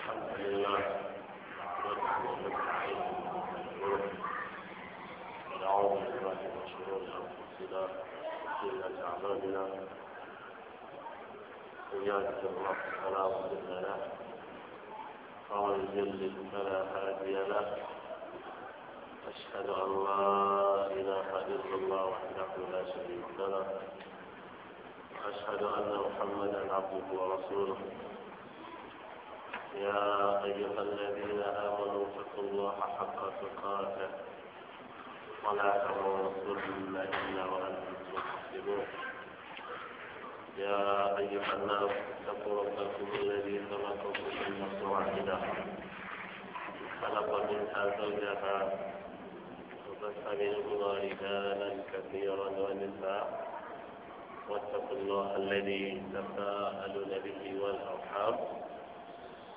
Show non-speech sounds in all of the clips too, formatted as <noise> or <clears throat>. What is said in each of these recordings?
الحمد لله نحمده ونستعينه ونعوذ بالله من شرور انفسنا وسيئات اعمالنا من الله فلا مضل له ومن يضلل فلا هادي له أشهد أن لا إله إلا الله وحده لا شريك له وأشهد أن محمدا عبده ورسوله يا أيها الذين آمنوا اتقوا الله حق تقاته ولا تموتن إلا وأنتم مسلمون يا أيها الناس اتقوا ربكم الذي خلقكم من نفس واحدة خلق منها زوجها وبث منهما رجالا كثيرا ونساء واتقوا الله الذي تساءلون به والأرحام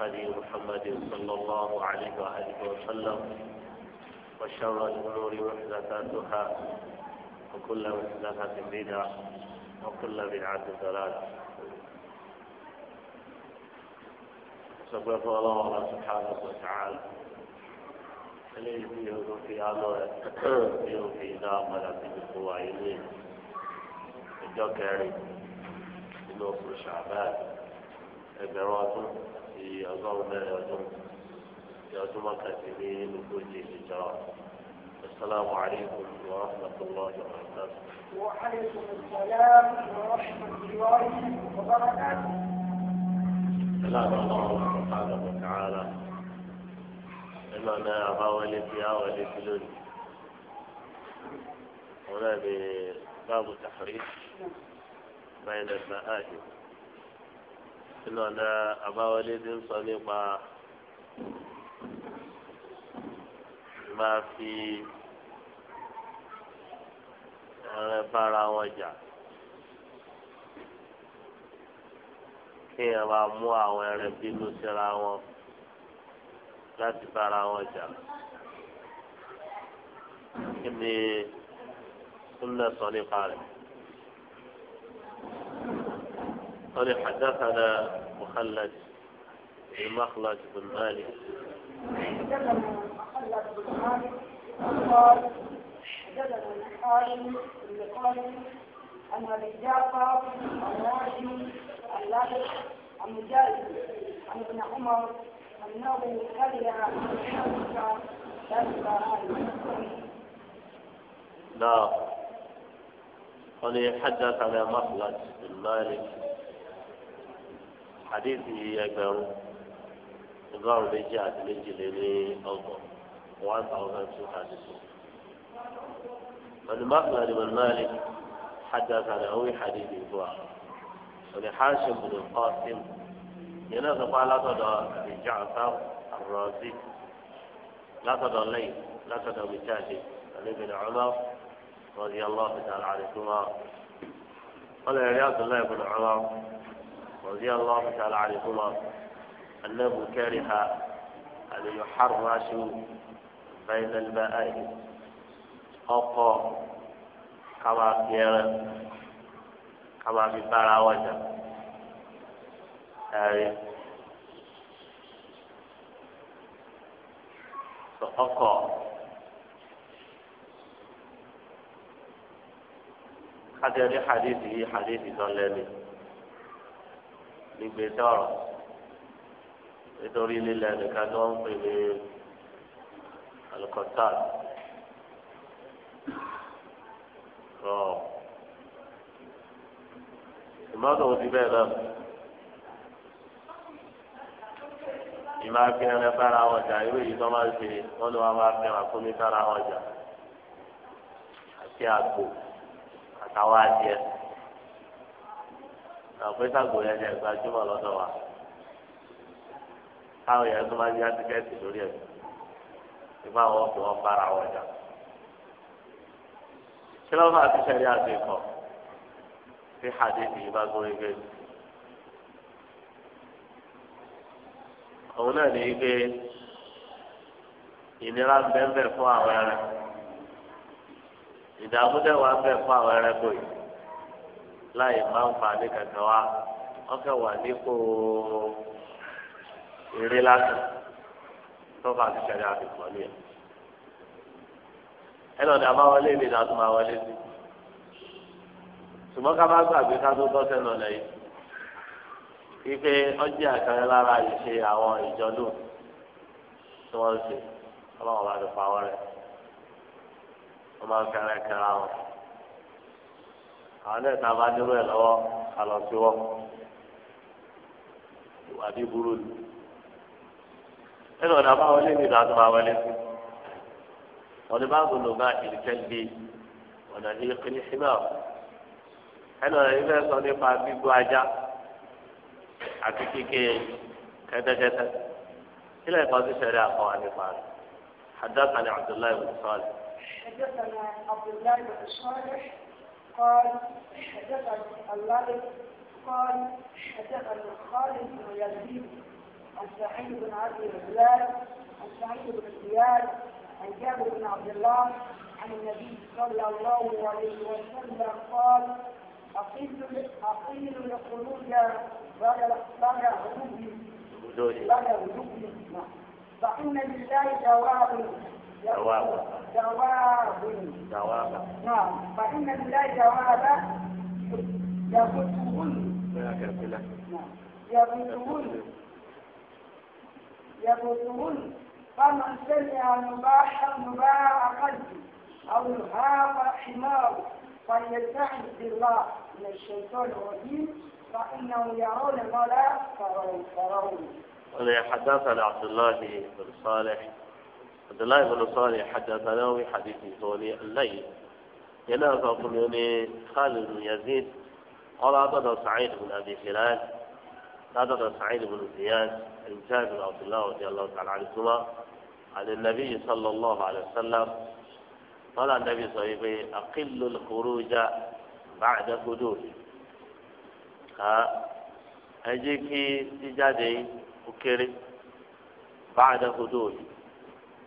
هدي محمد صلى الله عليه وآله وسلم وشر الأمور محدثاتها وكل محدثة بدعة وكل بدعة ضلالة سبحان الله سبحانه وتعالى الذي tí في أمره alọ rẹ tí yóò fi dá padà sí gbogbo ayé ياتم كثيرين وكل الهجرات السلام عليكم ورحمة الله وبركاته وعليكم السلام ورحمة الله وبركاته سلام الله سبحانه وتعالى إننا يا غاولي يا غاولي سلوك هنا بباب التحريف بين المآهب sínú ọ̀nà àbáwọlé tí ń sọ nípa máa fi ẹran bára wọn jà kí ẹ máa mú àwọn ẹran bínú síra wọn láti bára wọn jà kí ni súnlẹ̀ sọ nípa rẹ̀. قال حدثنا مخلد بن مخلد بن مالك حدثنا مخلد بن مالك حدثنا بن عن ابي جعفر عن هاشم عن لابس عن مجاهد عن ابن عمر انه كره ان لا قال حدثنا مخلد بن مالك hadithi ẹgbẹ̀rún ọgọ́rùn méjì àti méjìléní ọgbọ̀n one thousand two hundred two. ولمأمر بن مالك حدث عن أوي حديث الجوع ولحاشم بن القاسم ينظر على صدى جعفر الرازي لا صدى الليل لا صدى مجاهد عن ابن عمر رضي الله تعالى عنهما قال يا عبد الله بن عمر رضي الله تعالى عنهما أنه كره أن يحرش بين الماءين أقا كما كان كما في براوجة أي يعني فأقا هذا حديثه حديث ظلامي gbígbé tọrọ nítorí lílẹ̀ nìkan ni wọ́n ń pè ní alikọ́tàl rọ ìmọ̀tò ti bẹ́ẹ̀ náà ìmọ̀ akínyanlẹ̀ bára wọn jà irú èyí tó máa ń ṣe wọ́n ní wọ́n máa fi fún mi bára wọn jà àti àgbò àtàwọn adìẹ àpé sago yẹn ni ẹgbẹ́ ajúmọ̀ lọ́dọ̀ wa káwọn yẹn tó máa ń yá tíkẹ́ẹ̀tì lórí ẹ̀ ìfọ̀ àwọn ọkùnrin wọn bára wọn jà kí ló máa àti ìkọ̀ tí hadithi yìí bá gbórí gbé òun náà ní gbé ìnira ń bẹ́ẹ̀ fún àwọn ẹrẹ ìdààmú dẹ́wà ń bẹ́ẹ̀ fún àwọn ẹrẹ gbòyìí láì máa ń fàánì kankan wá wọn kàn wà nípò eré lásán tó fà ti ṣẹlẹ̀ àbíkọ ní ẹ ẹ lọ́dọ̀ àbáwọlé mi náà tó máa wọlé sí ṣùgbọ́n ká má gbàgbé ká tó tọ́ sẹ́nu ọ̀nà yìí wípé ọjọ́ àkàrẹ lára ìṣe àwọn ìjọdún tí wọ́n ń ṣe ọlọ́run bá ti pa wọ́n rẹ̀ wọ́n máa ń fẹ́rẹ́ kẹra wọn àwọn náà sábà dúró ẹ̀ lọ́wọ́ kálọ̀ sí wọ́n ìwádìí burú ni ẹnu ọ̀nà àbáwọlé ni ìdájọ́ máa wọlé sí ọ̀nà báàbò ló bá ìrìkẹ́lì ọ̀nà ní kíní sí náà ẹnu ọ̀nà yìí fẹ́ sọ nípa gbígbó ajá àti kíké kẹ́tẹ́kẹ́tẹ́ sílẹ̀ kan ti ṣẹlẹ̀ àkọ́ wa nípa rẹ̀ حدثنا عبد الله بن صالح حدثنا عبد الله بن صالح قال حدثنا الله قال حدثنا خالد بن يزيد عن سعيد بن عبد الهلال عن سعيد بن زياد عن جابر بن عبد الله عن النبي صلى الله عليه وسلم قال أقيل أقيل الخروج بعد بعد غروب بعد غروب نعم. فإن لله دواء جواب جواب جواب نعم فإن لله جواب يبتغون يبتغون يبتغون فمن سمع مباح مباح قلبي أو هاب حمار فليستعذ بالله من الشيطان الرجيم فإنهم يرون ما لا ترون ترون وليتحدث عبد الله بن صالح عبد الله بن صالح حدثنا حديث سوني الليل هنا فقلوني خالد بن يزيد قال أعطنا سعيد بن أبي هلال أعطنا سعيد بن زياد عن جابر عبد الله رضي الله تعالى عنهما عن النبي صلى الله عليه وسلم قال النبي صلى الله عليه وسلم أقل الخروج بعد ها أجيكي تجادي وكري بعد حدوث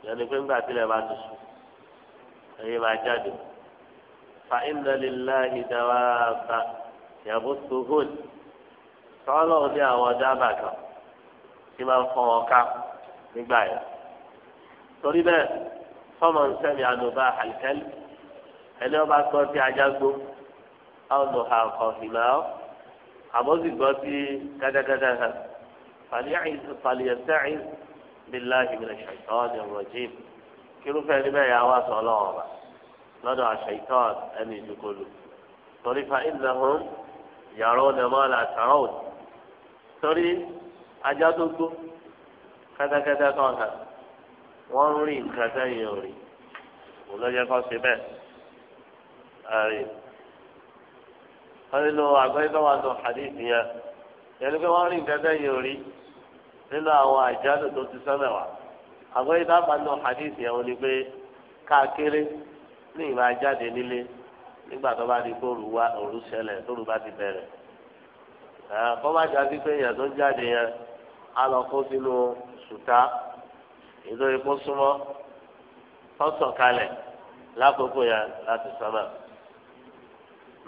yẹnni pé ńgbà tilẹ̀ bá tutù ẹ̀yẹ máa jáde fa inna lillahi dawaba yàgò sohón sọ́ọ́lọ́ ní àwọn dábà kan tí máa ń fọ́n wọn ká nígbà yẹn torí bẹ́ẹ̀ fọ́mọ ń sẹ́mi àdùbà àlìkẹ́lì ẹni ọba gbọ́ sí ajágbó àwọn ọ̀hà kọ̀ọ̀fìmọ́ àbọ̀sì gbọ́ sí gádágádá hàn fàlíyà sẹ́yìn bíláhi mi lè ṣètọ́ ní rọ̀jìm kírúfẹ́ níbẹ̀ yà wá sọ ọlọ́wọ́ bá lọ́dọ̀ àṣeyìtọ́ ẹni ìdúkọlù torí fa ìnáhùn yàrá ọ̀nà máa là sàrọ̀ òdì torí ajá tó gbó kẹ́tẹ́kẹ́tẹ́ kan kà wọ́n ń rí nǹkan sẹ́yìn òrì kò lọ́jọ́ kan ṣe bẹ́ẹ̀ ààrẹ wọ́n nínú àgbẹ̀yìn tó wà yẹn yẹn ni pé wọ́n rí nǹkan sẹ́yìn òrì. nínú àwọn àjálù tó ti sọ mẹ́wàá àgbẹ̀ ìdábàá náà hadith yẹn wọ́n pé káàkiri ní ìmọ̀ ajáde nílé nígbà tó bá di kóòrù wá òru ṣẹlẹ̀ tóòrù bá ti bẹ̀rẹ̀ kọ́ má jà tó jáde yẹn á lọ kó sínú epo súnmọ́ kalẹ̀ lákòókò yẹn láti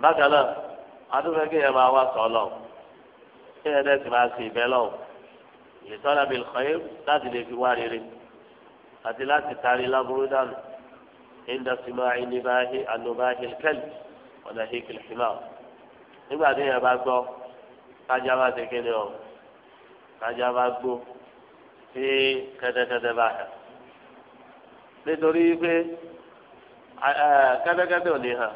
bákan náà yẹn máa wá lọ kí yẹn dẹ́sì máa sì ìtọ́lá bíi lọ́yẹ́ láti lè fi wá rere àti láti tari láburú dànù ìdá sima ìnibáhi ànubáhi kẹ́lì ọ̀nà hìkìlì fìmà nígbà tí yẹn bá gbọ́ kájà bá ti kéde ọ̀ kájà bá gbó sí kẹ́tẹ́kẹ́tẹ́ bá yà nítorí pé kẹ́tẹ́kẹ́tẹ́ ò ní hàn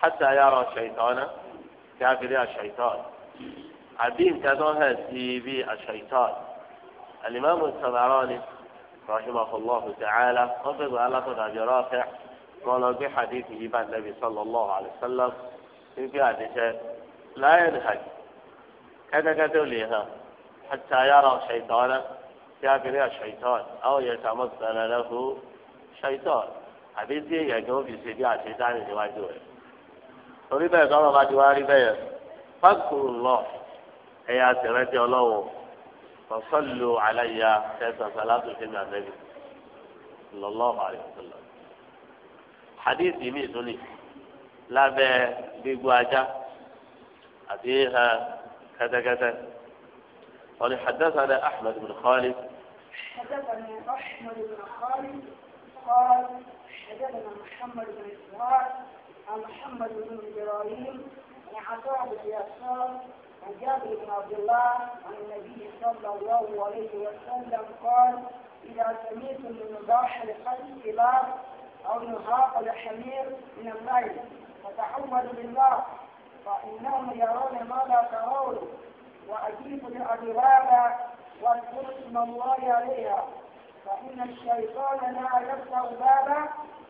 hàtà yàrá ṣèyítọ́ náà kí á fi rí àṣeyítọ́ àbí nǹkan tó hàn sí bí àṣeyítọ́ yìí alimami sabarani rahimahullahu ta'ala wọn fẹẹ gba alákọọdà àjọrọ ọfẹ wọn lọ gbé hadithi yìí bá nàbì sallallahu alayhi wa sallam fífi àdìsẹ láyé nìkan kẹtẹkẹtẹ ò lè hàn àti ayára ṣètọ́nà tí a kiri àṣetọ́n àwọn yẹn sàmọ́ sọ̀rọ̀ lẹ́hu ṣètọ́n àbí tí èèyàn kan fi ṣe bí àṣetáni níwájú rẹ̀ torí bẹ́ẹ̀ tọ́lọ́ bá ti wá rí bẹ́ẹ̀ fákùrù lọ ẹ̀yà àtẹ̀rẹ́tẹ̀ ọlọ́wọ́. فصلوا علي كيف صلاة فيما النبي صلى الله عليه وسلم حديث يمين سني لا بيقواجا أبيها كذا كذا قال حدثنا أحمد بن خالد حدثنا أحمد بن خالد قال حدثنا محمد بن إسحاق عن محمد بن إبراهيم عن عطاء بن يسار عن جابر بن عبد الله عن النبي صلى الله عليه وسلم قال إذا سمعتم من نباح الكلاب أو نهاق الحمير من الليل فتعوذوا بالله فإنهم يرون ما لا ترون وأجيبوا لأبي واذكر اسم الله عليها فإن الشيطان لا يفتح بابا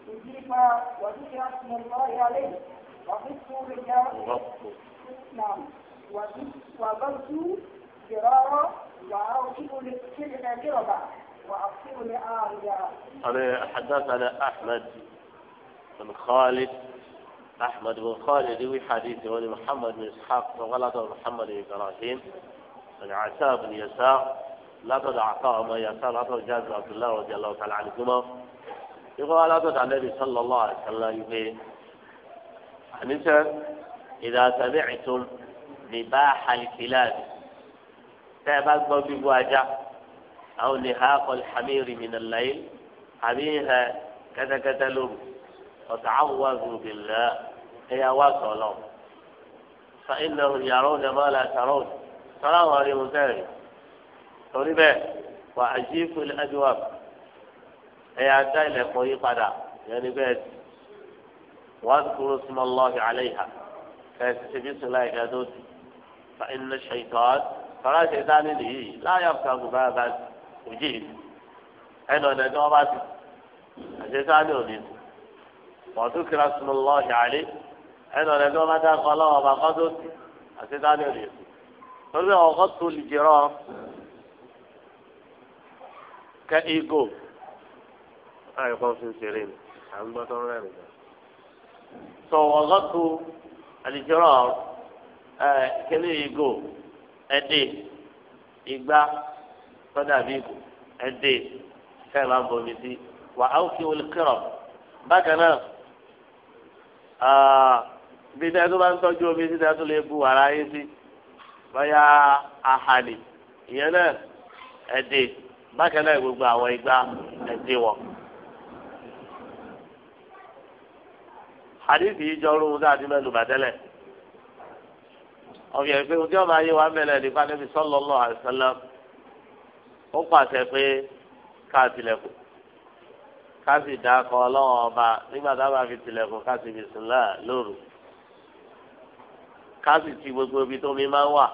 أجيب وذكر اسم الله عليه وغطوا بالله نعم وبرد فرارا وأرجب للسجن جربا وأصير لآريا أنا أحدث عن أحمد بن خالد أحمد بن خالد يروي حديث ولي محمد بن إسحاق وغلط محمد بن إبراهيم بن عتاب بن يسار لقد أعطاه ما يسار لقد جاز عبد الله رضي الله تعالى عنهما يقول لا تدع النبي صلى الله عليه وسلم يقول إذا سمعتم rìbá àlìfìlàbì tẹ́ ẹ bá gbọ́ bíbu ajá àwọn lè ha kọ́ hàmí rìmìnà láyé àbí hẹ kẹ́tẹ́kẹ́tẹ́ lóru ọ̀tá àwọn wà gbòǹgbò lẹ́ ẹ̀yà wà sọ̀lọ̀ fa iná yàrá òun ẹ̀mọ́ la sàrọ̀ òun sọ́lá àwọn ọ̀rẹ́ mu sẹ́rẹ̀ torí bẹ́ẹ̀ wà á jí fúlẹ̀ ádùwà ẹ̀yà dá ilẹ̀kùn yí padà yẹn ni bẹ́ẹ̀ wọ́n kúrò súnmọ́ lọ́ọ̀hì àlẹ́ ìhà kẹ́sì ṣe bí tó ti. فإن الشيطان فلا شيطان لي لا يفتح بابا وجيه أنا ندعو باتي الشيطان يريد وذكر اسم الله عليه أنا ندعو متى قال وما الشيطان يريد فإذا وغطوا الجرام كإيجو أي قوس سيرين عم بطلنا سو وغطوا الجرام ẹ kele ìgò ẹdè ìgbà tọ́jà bí ìgò ẹdè kẹ́ẹ̀ máa ń bomi sí wà fi wọlé kẹrọ bákan náà bí tó bá ń tọ́jú omi sí tẹ́ tó lè bu wàrà yín sí bóyá ahàlì ìyẹn náà ẹdè bákan náà gbogbo àwọn ìgbà ẹdè wọn. hadithi yìí jọ ọrùn tá a ti mẹ́nu bàtẹ́lẹ̀ ọ̀fìn ẹ̀fẹ́ ojú ọba ayé wa mẹ́lẹ̀ nípa níbi sallallahu alaihi wasallam ó pàṣẹ pé ká tilẹ̀kùn ká sì dákọ̀ ọlọ́wọ́n ọba nígbà tá a bá fi tilẹ̀kùn ká sì bismillah lóru ká sì ti gbogbo ibi tó mi máa ń wà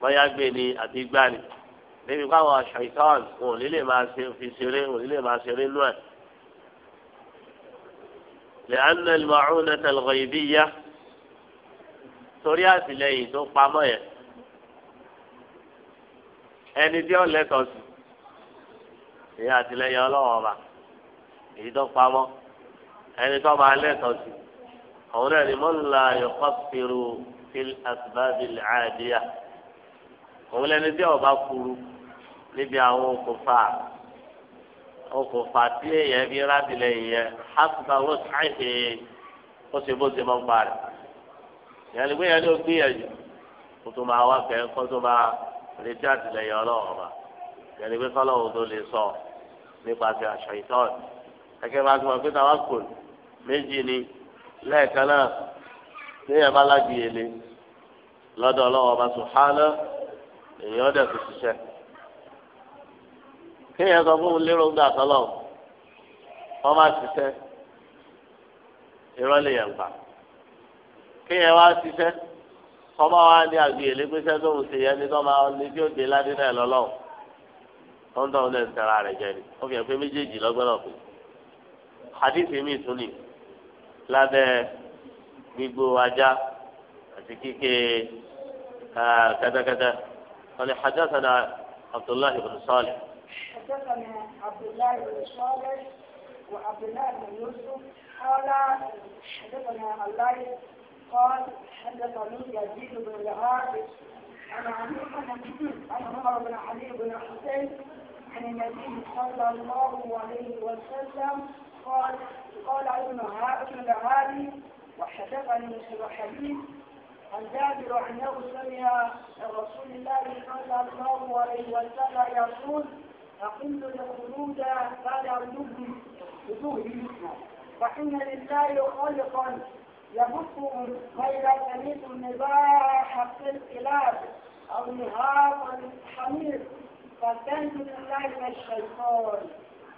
bóyá gbé ni àti gbá ni níbi káwọn aṣọ ìtọ́wọ̀n òun nílé máa fi ṣeré òun nílé máa ṣeré nú ẹ̀. لأن المعونة الغيبية torí àtìlẹ́yìn tó pamọ́ yẹn ẹni tí ó lẹ́tọ̀ọ́ sí èyí àtìlẹ́yìn ọlọ́wọ́ ọba èyí tó pamọ́ ẹni tó máa lẹ́tọ̀ọ́ sí òun náà ni mọ́nlá yọkọ́ fìrù fil asbábi àdìyà òun lẹni tí ọba kuru níbi àwọn okùnfà okùnfà tí èèyàn fi rádìlẹ́yìn yẹn hásùbà wọ́n ṣáìsì ó ṣe bó ṣe mọ́ ń parẹ́. yàrá ìgbé yẹn ló gbìyànjú kó máa wá kẹ́ kó tó àtìlẹyìn ọba yàrá ìgbé kọ́lọ́run tó lè sọ nípasẹ̀ àṣà ìtọ́ọ̀nù gẹ́gẹ́ bá tó máa gbé táwa kò méjì ni lẹ́ẹ̀kan náà téèyàn bá lọdọ ọba sùhánà èèyàn dẹ̀ kéèyàn sọ fún lérò gbà kéèyàn wá ṣiṣẹ́ kọ́má wa ní àgbéyẹ̀lé pẹ́sẹ́ tó ń ṣe yẹn ní kọ́má ní tí ó dé ládé náà lọ́lọ́ tó ń tọ́ ní ẹ̀sẹ̀ra rẹ̀ jẹ́ ni ó fi hàn pé méjèèjì lọ́gbọ́nà pé hadithi mi tún ni lábẹ́ gbígbó ajá àti kíké kẹ́tẹ́kẹ́tẹ́ wọ́n ní hadathana abdullahi ibn salih. abdullahi ibn salih wa abdullahi ibn yusuf قال حدثني يزيد بن لهاب عن عن عمر بن علي بن حسين عن النبي صلى الله عليه وسلم قال قال ابن ابن لهاب وحدثني مثل حديث عن جابر انه سمع رسول الله صلى الله عليه وسلم يقول أقل الخلود بعد وجوه وجوه فإن لله خالقا يبث غير النباح في الكلاب أو نهاق الحمير فاستنجد الله من الشيطان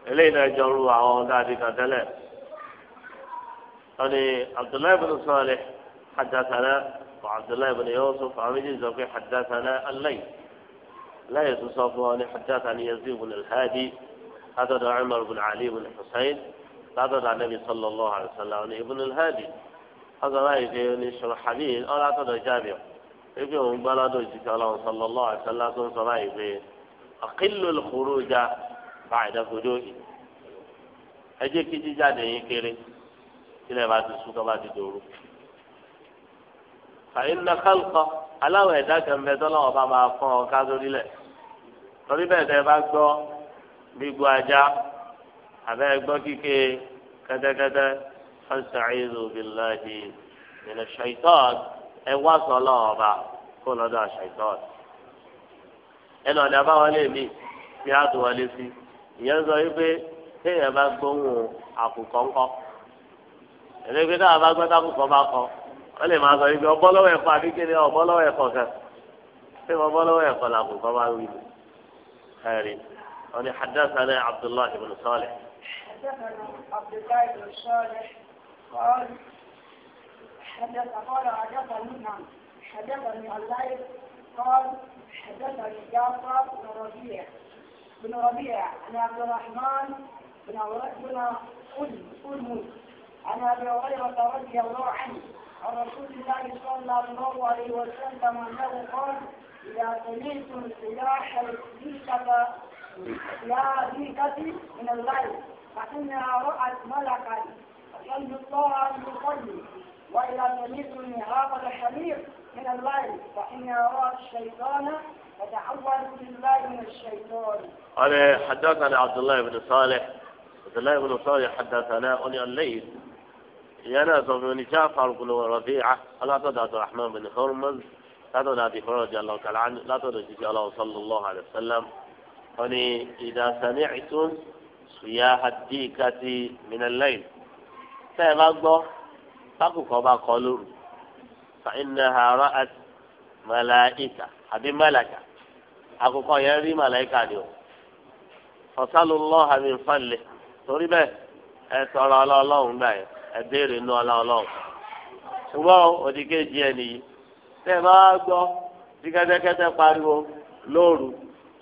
إلينا جروا عوان ذلك دلال أني عبد الله بن صالح حدثنا وعبد الله بن يوسف عميد الزوقي حدثنا الليل لا يتصاف أن حدثني يزيد بن الهادي هذا عمر بن علي بن حسين هذا النبي صلى الله عليه وسلم ابن الهادي ọsọ báyìí fi ní ṣùrọ̀hàbí ọlá tọ̀dọ̀ jáde wípé òun gbá lọ́dọ̀ òṣìṣẹ́ ọlọ́run sọlọ́lọ́ àtẹlá tó ń sọ báyìí pé àkìlò lùkúrú já bá ìdákodó yìí ẹ jẹ́ kí jíjáde yín kéré tílẹ̀ bá ti sùn tó bá ti dòru. fàyín na kálkọ aláwọ̀ ẹ̀dá kẹ̀mbẹ́ tọ́lọ́wọ́ bá máa fọ́n ọ ká lẹ̀ torí bẹ́ẹ̀ tẹ́ bá gbọ́ gbígbó ajá àbẹ́ gbọ́ kíké kẹ́tẹ́kẹ́tẹ́ أستعيذ بالله من الشيطان أواصل الله با كل هذا الشيطان أنا أنا ما ولي مي بيات ولي في ينزل يبي هي ما تقوم أكو كونكو ẹni pé táwọn bá gbọ́ táwọn kọ́ bá kọ́ wọ́n lè máa sọ ibi ọbọ́ lọ́wọ́ ẹ̀kọ́ àbí kéde ọbọ́ lọ́wọ́ ẹ̀kọ́ kan pé ọbọ́ lọ́wọ́ ẹ̀kọ́ làkùn kọ́ bá wí lò ẹ̀rí wọ́n ní hadassah ní abdullahi ibn salih. قال حدث قال حدثني نعم حدثني الليث قال حدثني جعفر بن ربيع بن ربيع عن عبد الرحمن بن بن أم عن أبي هريرة رضي الله عنه عن رسول الله صلى الله عليه وسلم أنه قال إذا سمعتم سلاح الديكة يا ديكة من الليل فإنها رأت ملكا ينهي الطاعة المصلي وإذا سمعتم هذا الحمير من الليل فإن أراد الشيطان فتعوذ بالله من الشيطان. أنا حدثنا عبد الله بن صالح عبد الله بن صالح حدثنا أني الليل يناس بن جعفر بن ربيعة لا تدع الرحمن بن هرمز لا تدع أبي هريرة رضي الله تعالى عنه لا تدع الله صلى الله عليه وسلم أني إذا سمعتم صياح الديكة من الليل tẹ́ ẹ bá gbọ́ sákòkò bá kọ́ lóru fàìnà àárọ̀ màláìkà àbí màláìkà àkókò yẹn rí màláìkà ni o ọ̀sálù lọ́hà mi torí bẹ́ẹ̀ ẹ sọ̀rọ̀ ọlọ́ọ̀lọ́hùn gbà ẹ béèrè inú ọlọ́ọ̀lọ́hùn ṣùgbọ́n òdìkejì lóru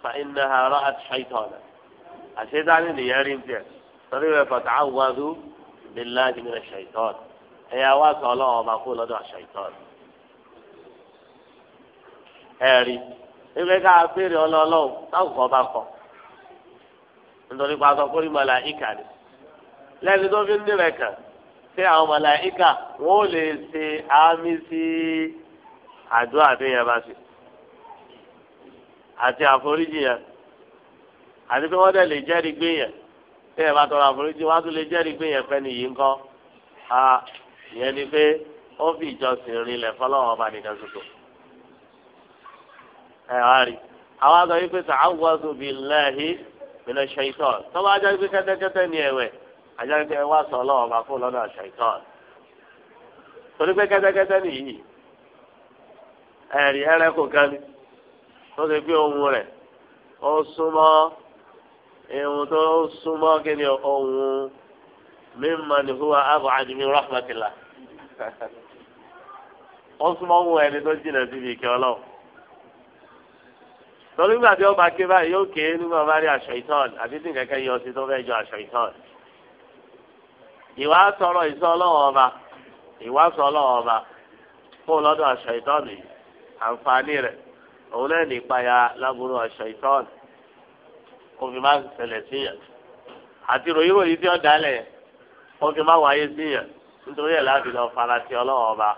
àárọ̀ àti àṣetánì nìyẹn rí ń torí bẹ́ẹ̀ billahi minash shaitan ẹ̀yà wá sọ ọlọ́run ọba kó lọ́dọ̀ shaitan ẹ̀rí ewé ká béèrè ọlọ́ọ̀lọ́ọ̀ táwọn kan bá kọ nítorí pa sọ kórìí màláíkà ni lẹ́ni tó fi ń dìrẹ̀ kàn ṣé àwọn màláíkà wọ́n ò lè ṣe àmì sí àdúrà tó yẹn bá ṣe àti àforíjì yẹn àti pé wọ́n dẹ̀ lè jẹ́rìí gbé yẹn. e ẹ bá tọrọ àforíjì wá tún lè jẹ́rìí pé yẹn fẹ́ nìyí ńkọ́ ìyẹn ni pé fi ìjọsìn rinlẹ̀ fọlọ́wọ́n ọba ni ẹ̀wẹ̀ ajá pé wá sọ ọlọ́wọ́n fún lọ́dọ̀ torí pé kẹ́tẹ́kẹ́tẹ́ ni ti ìrùn tó súnmọ́ kíni ọ̀hún mímman huwa ab'ad min rahmatillah wọ́n súnmọ́ ẹni tó jìnnà síbi ìkẹ́ tí ó bá ké báyìí yóò ké nígbà bá rí aṣọ ìtàn tí kẹ̀kẹ́ yọ sí tó fẹ́ jọ aṣọ ìtàn ìwà sọ̀rọ̀ ìsọ ọlọ́wọ́ ọba ìwà sọ ọlọ́wọ́ ọba fún lọ́dọ̀ ya lábúrò aṣọ ìtàn kó fi má ṣẹlẹ̀ sí yẹn àti ròyìn ròyìn tí wọ́n dálẹ̀ kó fi má wáyé sí yẹn nítorí ẹ̀ láti lọ farasí ọlọ́wọ́ ọba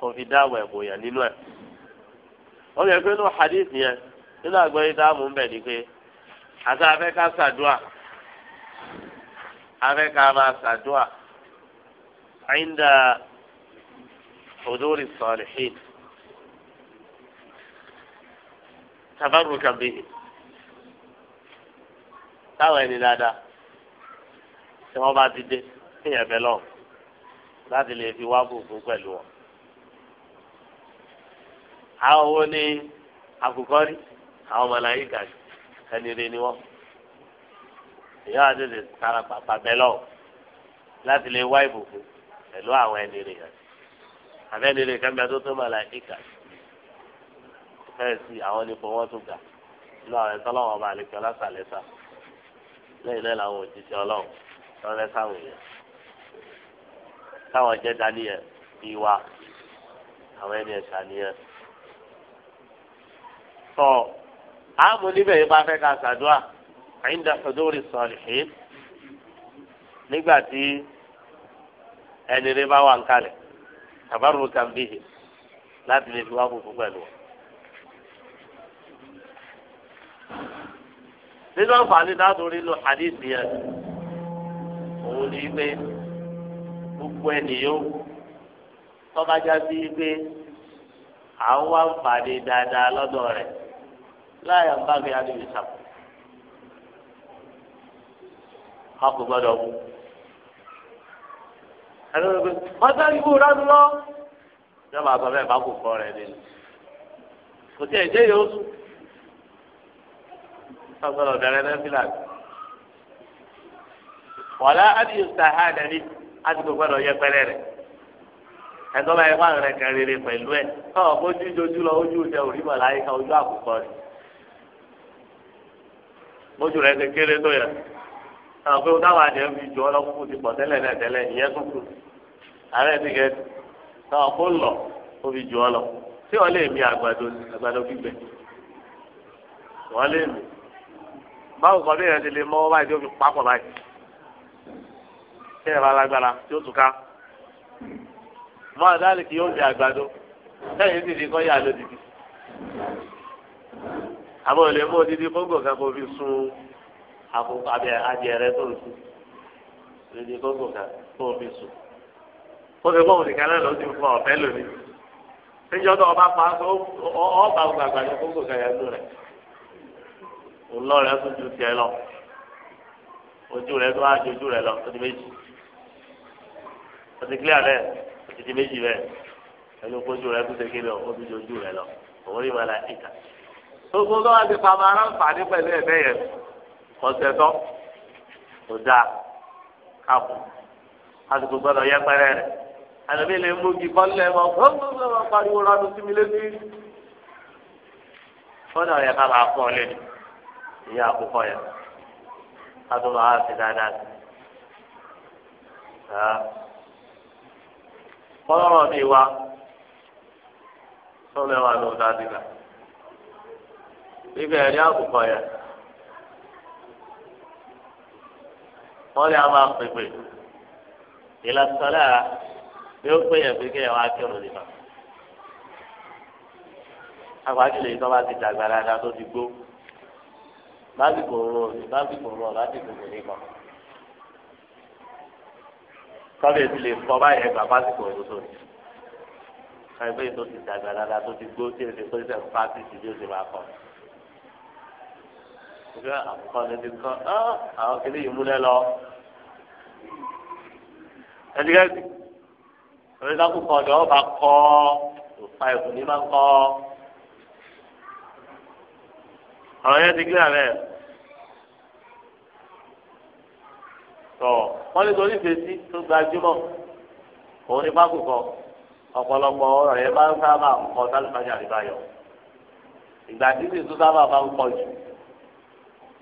kó fi dáwọ̀ ẹ̀bùn yẹn nínú ẹ̀. ó yẹ pé nínú hadith yẹn nínú àgbẹ̀yìn dáàmú ń bẹ̀ ni pé àti afẹ́ ká ṣàdúà máa ṣàdúà àyíǹda òdòrí sọ̀rìhìn tabaruka bíi táwọn ẹni dáadáa tí wọ́n bá ti dé kéèyàn bẹ lọ́wọ́ láti lè fi wá bùkún pẹ̀lú wọn. àwọn owó ní àkùkọ rí àwọn mọ̀láyé gàdú ẹni rẹ ni wọ́n. èyí wá tètè tara pàpà bẹ lọ́wọ́ láti lè wá ìbùkún pẹ̀lú àwọn ẹni rẹ yẹn. àbẹ́ni rẹ kẹ́mi àti tó mọ̀láyé gàdú. bẹ́ẹ̀ sì àwọn nípò wọn ga nínú àwọn ẹ̀tọ́ lọ́wọ́ ọba àlejò ọlásàlẹ́sà lẹ́yìn náà làwọn òjíṣẹ́ ọlọ́run lọ́rẹ́ sáwọn èèyàn táwọn jẹ́ dání yẹn wa àwọn ẹni ẹ̀ṣà nìyẹn. sọ àmú níbẹ̀ yìí bá fẹ́ ká ṣàdúrà àyíǹda ṣòdórí sọ̀rìṣẹ́ nígbà tí ẹni rẹ bá wà ń kalẹ̀ àbárò kàmbíhì láti lè fi wá kúkú pẹ̀lú wọn. nínú àǹfààní látòrí lu hadith yẹn òun ni pé gbogbo ènìyàn tọ́bajá sí pé àwọn àǹfààní dáadáa lọ́dọ̀ rẹ̀ láyà ń bá mi adìyẹ sàpò a kò gbọ́dọ̀ mú ẹni wọn gbé mọ́tò ìbú ránú lọ ìjọba àgbà bẹ́ẹ̀ bá kò kọ́ rẹ̀ nínú kò tí ẹ̀ jẹ́ yóò sùn sọgbọdọ bẹ̀rẹ̀ nẹfìlà wàlá adìyẹ sàhà dẹbi adìgbò gbọ́dọ̀ yẹ pẹlẹ rẹ ẹgbẹ́ báyìí wà rẹ kẹrìnrì pẹ̀lú ẹ káwọn fojú jojú lọ ojú ìjẹ òrìbọ láyé ká ojú àkùkọ rẹ mójú rẹ kékeré tó yẹ àwọn pé táwọn àdìyẹ fi jù ọ lọkùnkùn ti pọ̀ tẹ́lẹ̀ náà tẹ́lẹ̀ ìyẹn kúkú ààrẹ ti kẹ káwọn kó lọ ó fi jù ọ lọ tí wọn lè mi àgbàdo àgbàdo gbígbẹ wọn mi báwo kọ́ bẹ́ẹ̀ ti lè mọ́ báyìí tí ó fi papọ̀ báyìí bẹ́ẹ̀ bá lágbára tí ó túká mọ́ àdáàlì kì yóò fi àgbàdo lẹ́yìn sì ní kọ́ yà lódìdí àmọ́ ò lè mú odidi kóńgò kan kó fi sun àbẹ̀ adìẹ̀rẹ́ tó ń sùn odidi kóńgò kan kó fi sùn ó fi bọ́ọ̀lù nìkan náà ló ti fún ọ̀fẹ́ lónìí níjọ́ tó ọba pa ọba gbàgbà ní kóńgò kan yà lónìí òun lọ́rẹ̀ tó ju tiẹ̀ lọ ojú rẹ̀ tó wá ju ojú rẹ̀ lọ ó di méjì ó ti kílíà bẹ́ẹ̀ ó ti méjì bẹ́ẹ̀ ẹnu kójú rẹ̀ tó ṣe kéde ó ti ju ojú rẹ̀ lọ òun rí mọ́lá ìkà. gbogbo tó wá ti pamọ́ ara ń fàdí pẹ̀lú ẹ̀ bẹ́ẹ̀ yẹn ọ̀sẹ̀ tán kò dáa káàkó àsìkò gbọ́dọ̀ yẹ pẹ́rẹ́ rẹ̀ àdàbí lè mú kí kọ́lẹ́ mọ́ gbọ́dọ̀ pariwo ránú sí mi létí. fọ́nà yẹ ká máa fọ́ ọ lẹ́nu ìyá àkókò yẹn kátó máa fi dáadáa sí kọ́lọ́rọ̀ bíi wa sọ́lẹ̀ wà ló dáadé gbà bíbẹ̀ ẹ̀rí àkókò yẹn wọ́n lé àwọn àpèpè ìlàsọ̀lá bí ó pè yẹn kéèyàn wá kírun nìkan àgbájú lè tọ́ bá ti dàgbà dáadáa tó ti gbó báàbí kò rò báàbí kò rò láti kò tẹ̀lé kan. kábíyèsí lè fọ báyìí ẹgbàá pásítọ̀ òdodo ni. káyọ̀pé tó ti dàgbà dáadáa tó ti gbó tí èsì tó ti sẹ̀ pàtì sí bí ó ti máa kọ́. ìgbà àkọ́kọ́ ni ti kọ́ àwọn kìlì yìí múlẹ̀ lọ. ẹnikẹ́ni onídàkùn kan ọ̀dọ́ ọba kọ́ òfa ẹ̀kún ní máa kọ́ ọ̀rọ̀ yẹn ti gíra rẹ̀. tọ wọn ní torí fèsì tó gbajúmọ̀ òun ní pákòkọ ọ̀pọ̀lọpọ̀ ọ̀rọ̀ yẹn bá ń sábà kọ sálùmájà àríbáyọ ìgbà tí sì tún sábà máa ń pọ̀ jù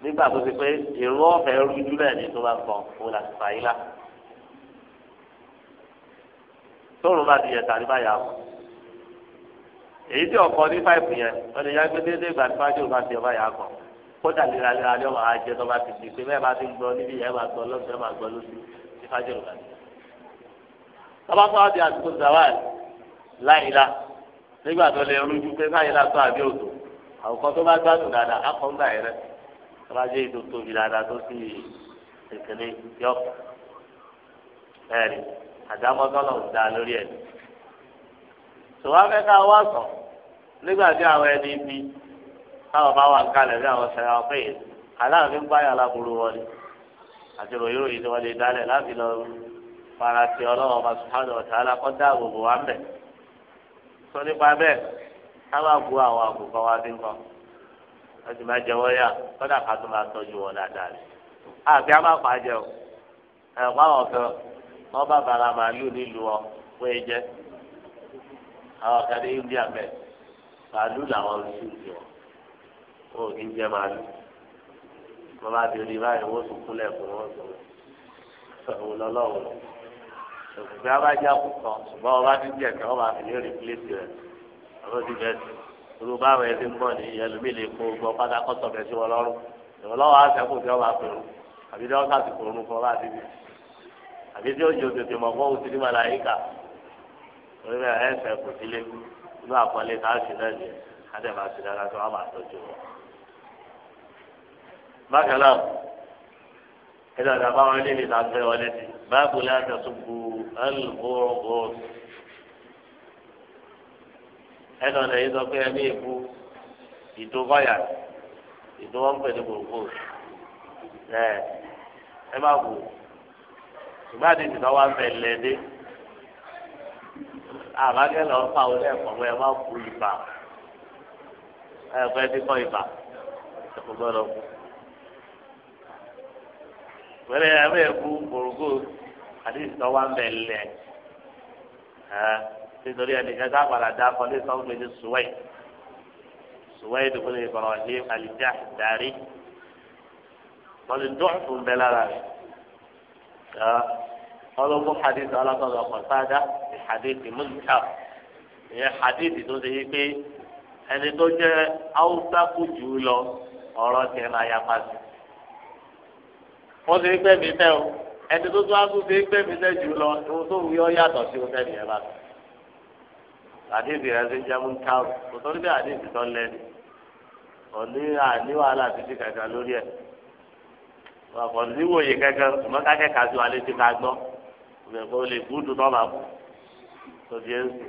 nígbà tó ti pé èrò ọ̀fẹ́ rújú náà ní tó bá ń kọ òun là fà yín lá tóun bá ti yẹ tàríbáyà wọn èyí tí ọkọ ní fáìpù yẹn wọn lè gbé déédéé ìgbà tí fájú bá ti ọba yà á kódà léraléra ni ọmọ ajẹ tó bá ti di pé bẹ́ẹ̀ bá ti gbọ́ níbi ẹ̀ máa gbọ́ lọ́sùn ẹ̀ máa gbọ́ lọ́sùn tí fájọ rẹ̀ bàjẹ́. tọ́ba tó wá di àsìkò zawal láìla nígbà tó lè rújú pé káyìlá tó àbí òtò àwòkọ́ tó bá gbádùn dáadáa akọ́ ńgbà yẹn rẹ̀ tọ́ba jẹ́ ètò tóbi dáadáa tó sì kékeré yọ ẹ̀rì àdámọ́tọ́lọ̀ ń lórí ẹ̀. tòwá fẹ́ ká wá sọ nígbà tí àwọn ẹni bíi táwọn bá wà ń kalẹ̀ bí àwọn sẹ̀rẹ̀ àwọn péye aláàfin báyà aláburú wọlé àti ròyìn ròyìn tí wọ́n lè dálẹ̀ láti lọ farati ọlọ́wọ́ bá subhanahu wa ta'ala kọ́ dáàbò bò wá ń bẹ̀. sọ nípa bẹ́ẹ̀ ká máa bu àwọn àbùkọ́ wa bí nǹkan wọ́n ti máa jẹwọ́ yá kọ́dà ká tó máa tọ́jú wọn dáadáa rẹ̀. àbí a máa pàjẹ́ o ẹ̀rọ àwọn kan wọ́n bá bàrà màálù nílùú ọ pé jẹ́ àwọn kan India mẹ́ màálù làwọn ń sí wọn. ó kì í jẹ wọn bá di orí báyìí wọn sùn kúnlẹ̀ fún wọn sùn òun lọ́lọ́run òkùnkùn abájá kù ṣùgbọ́n wọn bá ti jẹ kí wọn bá fi lè rìpléṣì rẹ àwọn ti bẹ sí irú báwọn ẹni ń bọ̀ ní ẹlòmíì lè kó gbọ́ sí wọn lọ́rùn àbí tí fún àbí tí tètè mọ̀ fún òsì ní màláyíkà orí kò sílé inú náà bákan náà ẹ̀dá àgbà wọn lé ní ìdájọ́ wọn létí báàbò láti ṣubú ẹlùbọ́ọ̀bọ̀ ẹ̀dá ọ̀nà yìí sọ pé ẹ̀mí ìbú ìdókọ̀yà ìdówọ́n pẹ̀lú gbogbo ẹ̀ ẹ má wò ṣùgbọ́n àti ìdìbò wa ń bẹ̀ lẹ́dẹ́ àbákẹ́ lọ fà ó lẹ́ẹ̀kọ́ pé ẹ má bu ibà ẹ̀ fẹ́ ti kọ́ ibà kò gbọ́dọ̀ kú wẹ́rẹ́ abẹ́ ẹ̀kú gbòrògbò àti ìsọwá ń bẹ̀ lẹ̀ ẹ́ nítorí ẹnìkan ká padà dá kọ́ ní sọ́wọ́n méjì sùwẹ́ẹ̀ sùwẹ́ẹ̀ tó kọ́lé ìkọ̀rọ̀ ní àlìjá darí lọ́dún tó ń bẹ lára rẹ̀ ẹ́ ọlọ́gbọ́n hadith alákọ̀ọ́dọ̀ kọ̀tàdá hadith múlùkà ìyẹn hadith tó ṣe pé ẹni tó jẹ́ haúsá kù jù lọ ọ̀rọ̀ tiẹ̀ máa yapa sí wọ́n ti rí pẹ́ mi fẹ́ o ẹni tó tó ágùn ti rí pẹ́ mi fẹ́ jù lọ ohun tó wù yọ yàtọ̀ sí ohun tẹ́lẹ̀ yẹn bá tó. àdéhùn rẹ̀ ṣe jẹ́ mú káwù kò tó níbi àdéhùn tó lẹ́nu kò ní àní wàhálà títí kankan lórí ẹ̀ kò ní wòye kankan ṣùgbọ́n kákẹ́ kájú alẹ́ ti ká gbọ́ òbẹ̀kọ́ lè gúdù tó máa kú tó di ẹ̀sìn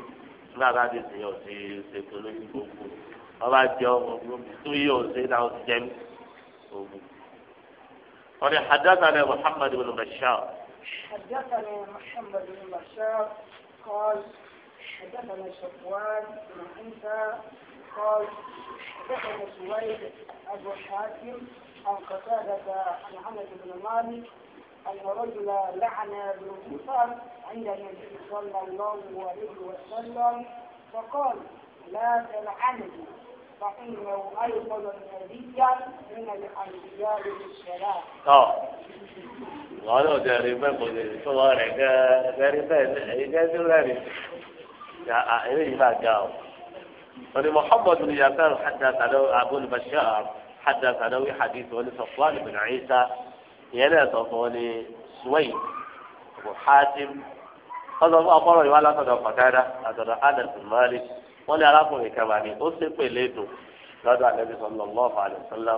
nígbà tá a ti sèyàn ti ṣètò lórí gbogbo wọ́n bá jẹ́ ọmọ gbogbo tó yí òun قال حدثنا محمد بن بشار حدثنا محمد بن بشار قال حدثنا شفوان بن عيسى قال حدثنا سويد ابو حاتم عن قتادة عن عمد بن مالك أن رجلا لعن ابن الكفار عند النبي صلى الله عليه وسلم فقال لا تلعنني فإنه أيضا نبيا من الأنبياء بالسلام. قالوا آه. جاري بقول صوارع آه، بن يسار حدث عنه أبو البشار حدث عنه حديث ولي صفوان بن عيسى يلا صفوان سويد أبو حاتم هذا أخبره يوالا صدق قتادة هذا أنس بن مالك wọ́n lé arákùnrin kan wà ní ó ṣépè lẹ́dùn lọ́dọ̀ àlẹ́bí sọ̀rọ̀ lọ́ọ̀fà àlẹ́sọ́lá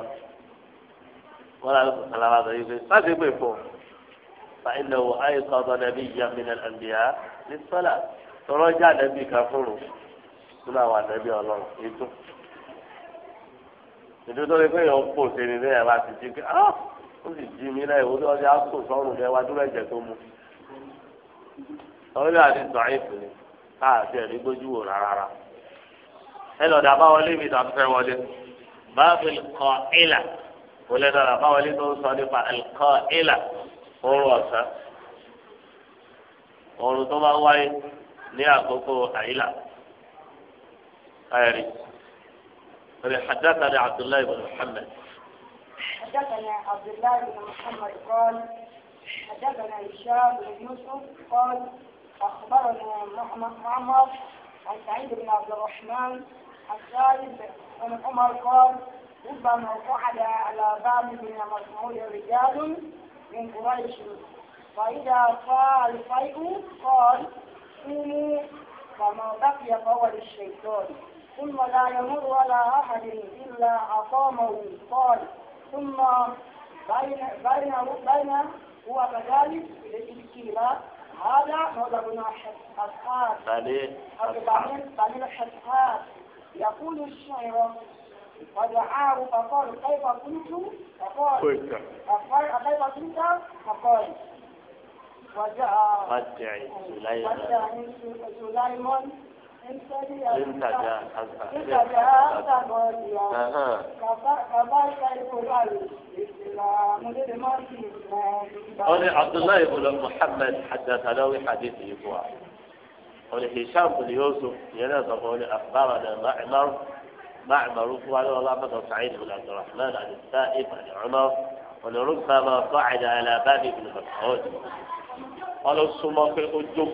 wọ́n lé arákùnrin kan lára sọ yìí pé sáṣẹ́ pè fún un fàìlẹ̀ wò ayé kọ́tọ́ nàbí yamina àndìyà ní sọ́là tọrọ já nàbí kan fúnru nínú àwọn ànábì ọlọ́run ètò ètò tó lè fẹ́ yọ pò sí ni lẹ́yìn àbá ti jí pé ah! ó sì jí mi náà ìwọ́n ọjà kò sọ́run lẹ́yìn wájú lẹ́jẹ̀ tó mu ọlọ́run àti sọ̀rọ̀ ìfìlẹ̀ káàkiri ẹ̀rí gbójú wò rárá. ẹ lọ́dà bá wọlé mi tà fẹ́ wọlé báàbí kọ́ ìlà wọlé dọ̀rọ̀ bá wọlé tó sọ nípa kọ́ ìlà oorun ọ̀sán oorun tó bá wáyé ní àkókò àyílà ayẹri wọlé xadàkà ní abdullahi bin muhammed. حدثنا عبد الله بن محمد قال حدثنا هشام بن يوسف قال اخبرنا معمر عن سعيد بن عبد الرحمن الثالث عن عمر قال ربما صعد على باب من مسعود رجال من قريش فإذا قال الفيء قال قوموا فما بقي فهو للشيطان ثم لا يمر على أحد إلا أقامه قال ثم بين بين بين هو كذلك للإبتلاء هذا مذهبنا حسحات بني الحسحات يقول قد فدعاه فقال كيف كنت فقال كيف كنت فقال وجاء مدعي سليمان انت جاء انت جاء قال عبد الله بن محمد حدث له حديث يسوع wọn lè hisham bin yusuf ìyẹn náà sọ fún wọn ní àfúbáwá náà máàmárù máàmárù fún wa lọ́wọ́ lábàtọ̀ sàyìn bin abdulrahman àti sa'ib àti ọmọ wọn lè rúbà máa fọ àjà alábàbí bin masoud wọn lọ súnmọ́ pé ó jó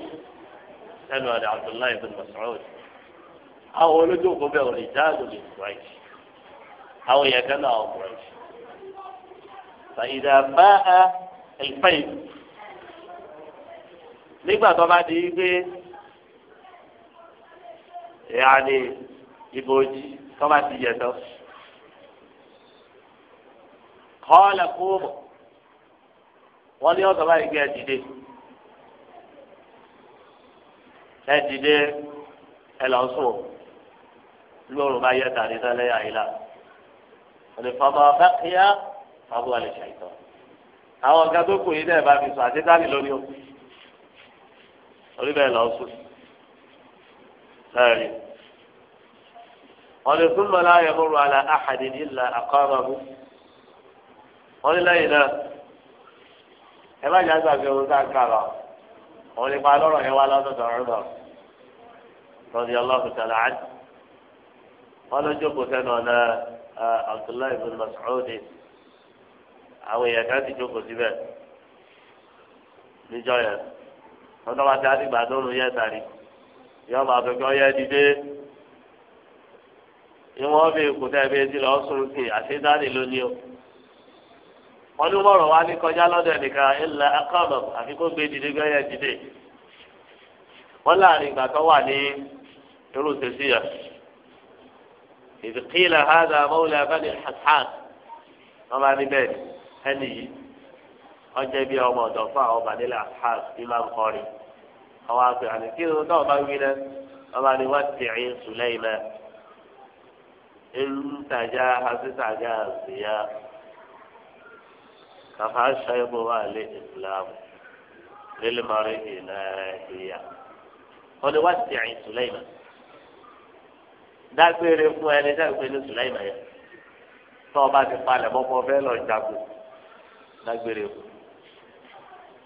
sẹ́nu àti abdullahi bin masoud àwọn olójókòó bẹ́ẹ̀ wọ́n lè jáàdù lè kúrẹ́jì àwọn yẹn kan náà kúrẹ́jì. fàyídà bá a ẹ̀fẹ́ yìí nígbà tó bá di pé ìyá ni ìbòjì tọ́ba ti yẹ tán. kọ́ọ̀lẹ̀ kúrò wọ́n ní ọ̀sán báyìí gbé ẹ̀dìdè ẹ̀dìdè ẹ̀ lọ sùn lóòrùn bá yẹ tàbí sálẹ̀ àyílà onífọ̀mọ́ ọ̀fẹ́ kíá ọ̀bùn àlè ṣàìtàn àwọn ọ̀gá tó kù yìí dẹ̀ bá fi sùn àti sálì lórí o orí bẹ́ẹ̀ lọ ẹ̀rí wọ́n lè fún mọ́lá ayọ̀mọ́rù àlà àhàdì nílà àkọ́rọ̀mù wọ́n ní lẹ́yìn náà ẹ bá jáde àgbẹ̀ wọn sáà kàrọ̀ wọ́n lè Abdullahi yọ máa tó kí wọ́n yẹ dìde ìwọ́n fi kùtà ẹ̀bí etí lọ sùn sí àṣetáni lónìí o wọ́n ní wọ́rọ̀ wá ní kọjá lọ́dọ̀ ẹnìkan illa akọ́nà àfi kó gbé dìde kí wọ́n yẹ dìde wọ́n láàrin ìgbà tó wà ní irú sèṣì yẹn ìdíkìlẹ̀ hàdà mọ́wulẹ̀ abẹ́lẹ̀ hasan wọ́n bá ní bẹ́ẹ̀ ẹnì yìí wọ́n jẹ́ bí ọmọ ọ̀dọ́ fún àwọn bàdélẹ̀ hasan bí máa kọrin. àwọn àgbẹ̀ àlè kí ló náà bá wí ọba ni wọ́n ti rìn sùlẹ́ìmẹ́ ntàjà hasítàjà àzìyá kàfà ṣàyẹ̀bọ̀ wà lé ìsìlámù lélẹ̀ mọ́rẹ́ ìlà wọ́n ni wọ́n ti rìn sùlẹ́ìmẹ́ dágbére fún ẹni dágbére ní sùlẹ́ìmẹ́ yẹn tó ọba ti palẹ̀ mọ́kọ́ fẹ́ lọ jago dágbére fún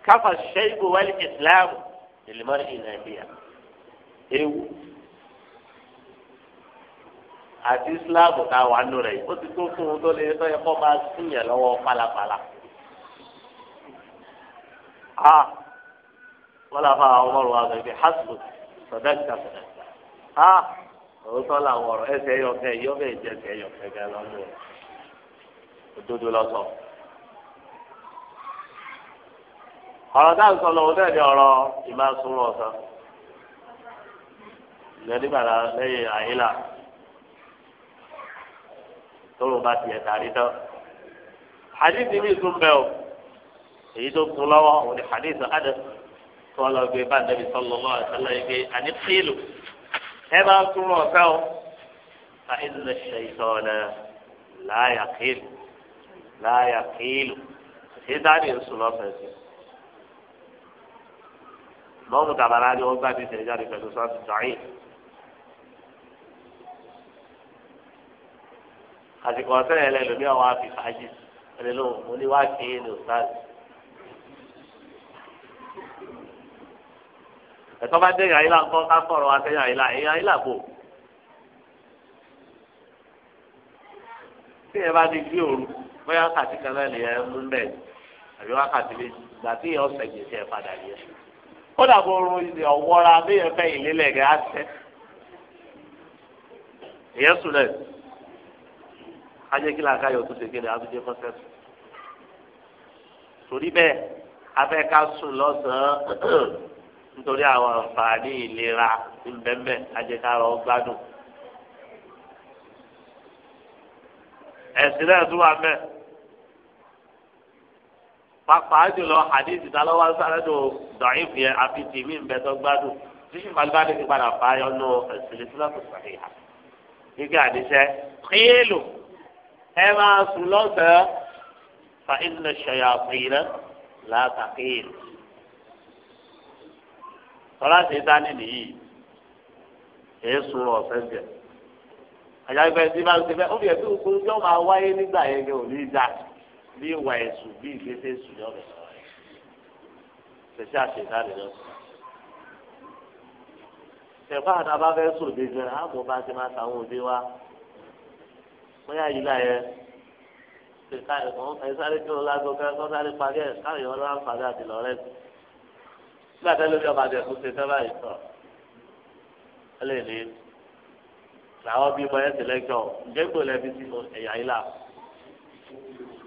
kàfà ṣàyẹ̀bọ̀ wà lé ìsìlámù. ìlímọ́rì nàìjíríà ewu àti islamu ká wà nù rẹ̀ ó ti tó fún un tó lè tọ́ ẹ kọ́ máa síyàn lọ́wọ́ pálapàla. a wọ́n lọ fa àwọn ọmọ rẹ̀ wá sọ ibi hasbu sọ̀dẹ́kítà sọ̀dẹ́kítà a òótọ́ làwọn ọ̀rọ̀ ẹsẹ̀ yọkẹ́ yọkẹ́ ìjẹsẹ̀ yọkẹ́ gẹ́gẹ́ lọ́nù rẹ̀ òdodo lọ́sọ̀ọ́. ọ̀rọ̀ táà ń sọ lọ́wọ́ náà ni ọ̀rọ̀ ìmá súnmọ́ ọ̀sán ìyẹn nígbà lẹ́yìn àyílà tóró bá tiẹ̀ tàrí tán hadith mi tún bẹ́ o èyí tó kún lọ́wọ́ òun ni hadith adé tó wọn lọ gbé bá nàbì sọlọ lọ́wọ́ àtàlẹ́ yìí gbé àní kílù ẹ máa súnmọ́ ọ̀sán o fa ìdílé ṣèṣọ́ náà láyà kílù láyà kílù ìdánì ń sùn lọ́fẹ̀ẹ́ sí i mọ́mú tàbára ni wọ́n gbá bíi ìṣẹ̀jáde pẹ̀lú sọ́ọ̀tù sọ́ọ̀yì. àsìkò ọ̀sẹ̀ yẹn lẹ́nu mi àwọn afifájì ẹni ló mo ní wá kí ní òsáàlì. ẹ̀tọ́ bá dé yàrá ńkọ́ ká sọ̀rọ̀ wá sẹ́yìn àyílà èyí àyílà bò. tí yẹn bá di gbé òru bóyá wákàtí kan náà lè yẹn mú àbí wákàtí méjì gbà tí yẹn ọ̀sẹ̀ gbèsè ẹ̀ padà yẹn. kódà bó rún ilé ọ̀wọ́ra béèyàn fẹ́ ìlélẹ̀ gẹ́ àtẹ. ìyẹn sùlẹ̀ ajé kí làákà yọ̀ tó ṣe kéde torí bẹ́ẹ̀ afẹ́ sùn lọ́sàn-án <clears throat> nítorí àwọn àǹfààní ìlera ńbẹ́ńbẹ́ gbádùn. ẹ̀sìn pàápàá jùlọ hadith ìdálọ́wọ́ sárẹ́dọ̀ dọ̀yìn fi àfi tìmí ń bẹ tó gbádùn títí balùbá ní ti padà fàáyọ nù ẹ̀sìn ìsìlámù sàhíhà nígbà àdìsẹ́ kílò ẹ máa sùn lọ́sẹ̀ẹ́ fa iná ṣọyà fìlẹ̀ látàkìlì tọ́lá ṣe dání nìyí èé sùn ọ̀sẹ̀ jẹ àjàgbẹ́ tí bá ń ṣe fẹ́ ó fi ẹ̀ tó kó jọ́ máa wáyé nígbà yẹn ní òní dáa bí ìwà ẹ̀sùn bí ìgbésẹ̀ ẹ̀sùn ní ọ̀bẹ sọ̀rọ̀ ẹ̀ ṣẹ̀ṣẹ̀ àṣetánì lọ. ṣẹ̀fọ́ àti abáfẹ́ sòde gan àbọ̀ bá ti máa tàwọn òde wa bóyá yìí láyẹ ẹ̀sáré kí ló lágbo kẹ́ kó sáré parí ẹ̀ káàrí wọn lọ́wọ́ àǹfààní àti lọ́rẹ́ sí. nígbà tẹ́lẹ̀ bí ọba àdẹ̀kùn ṣe tẹ́ báyìí sọ ẹ lè ní làwọn bí bọ́yẹ̀ sílẹ̀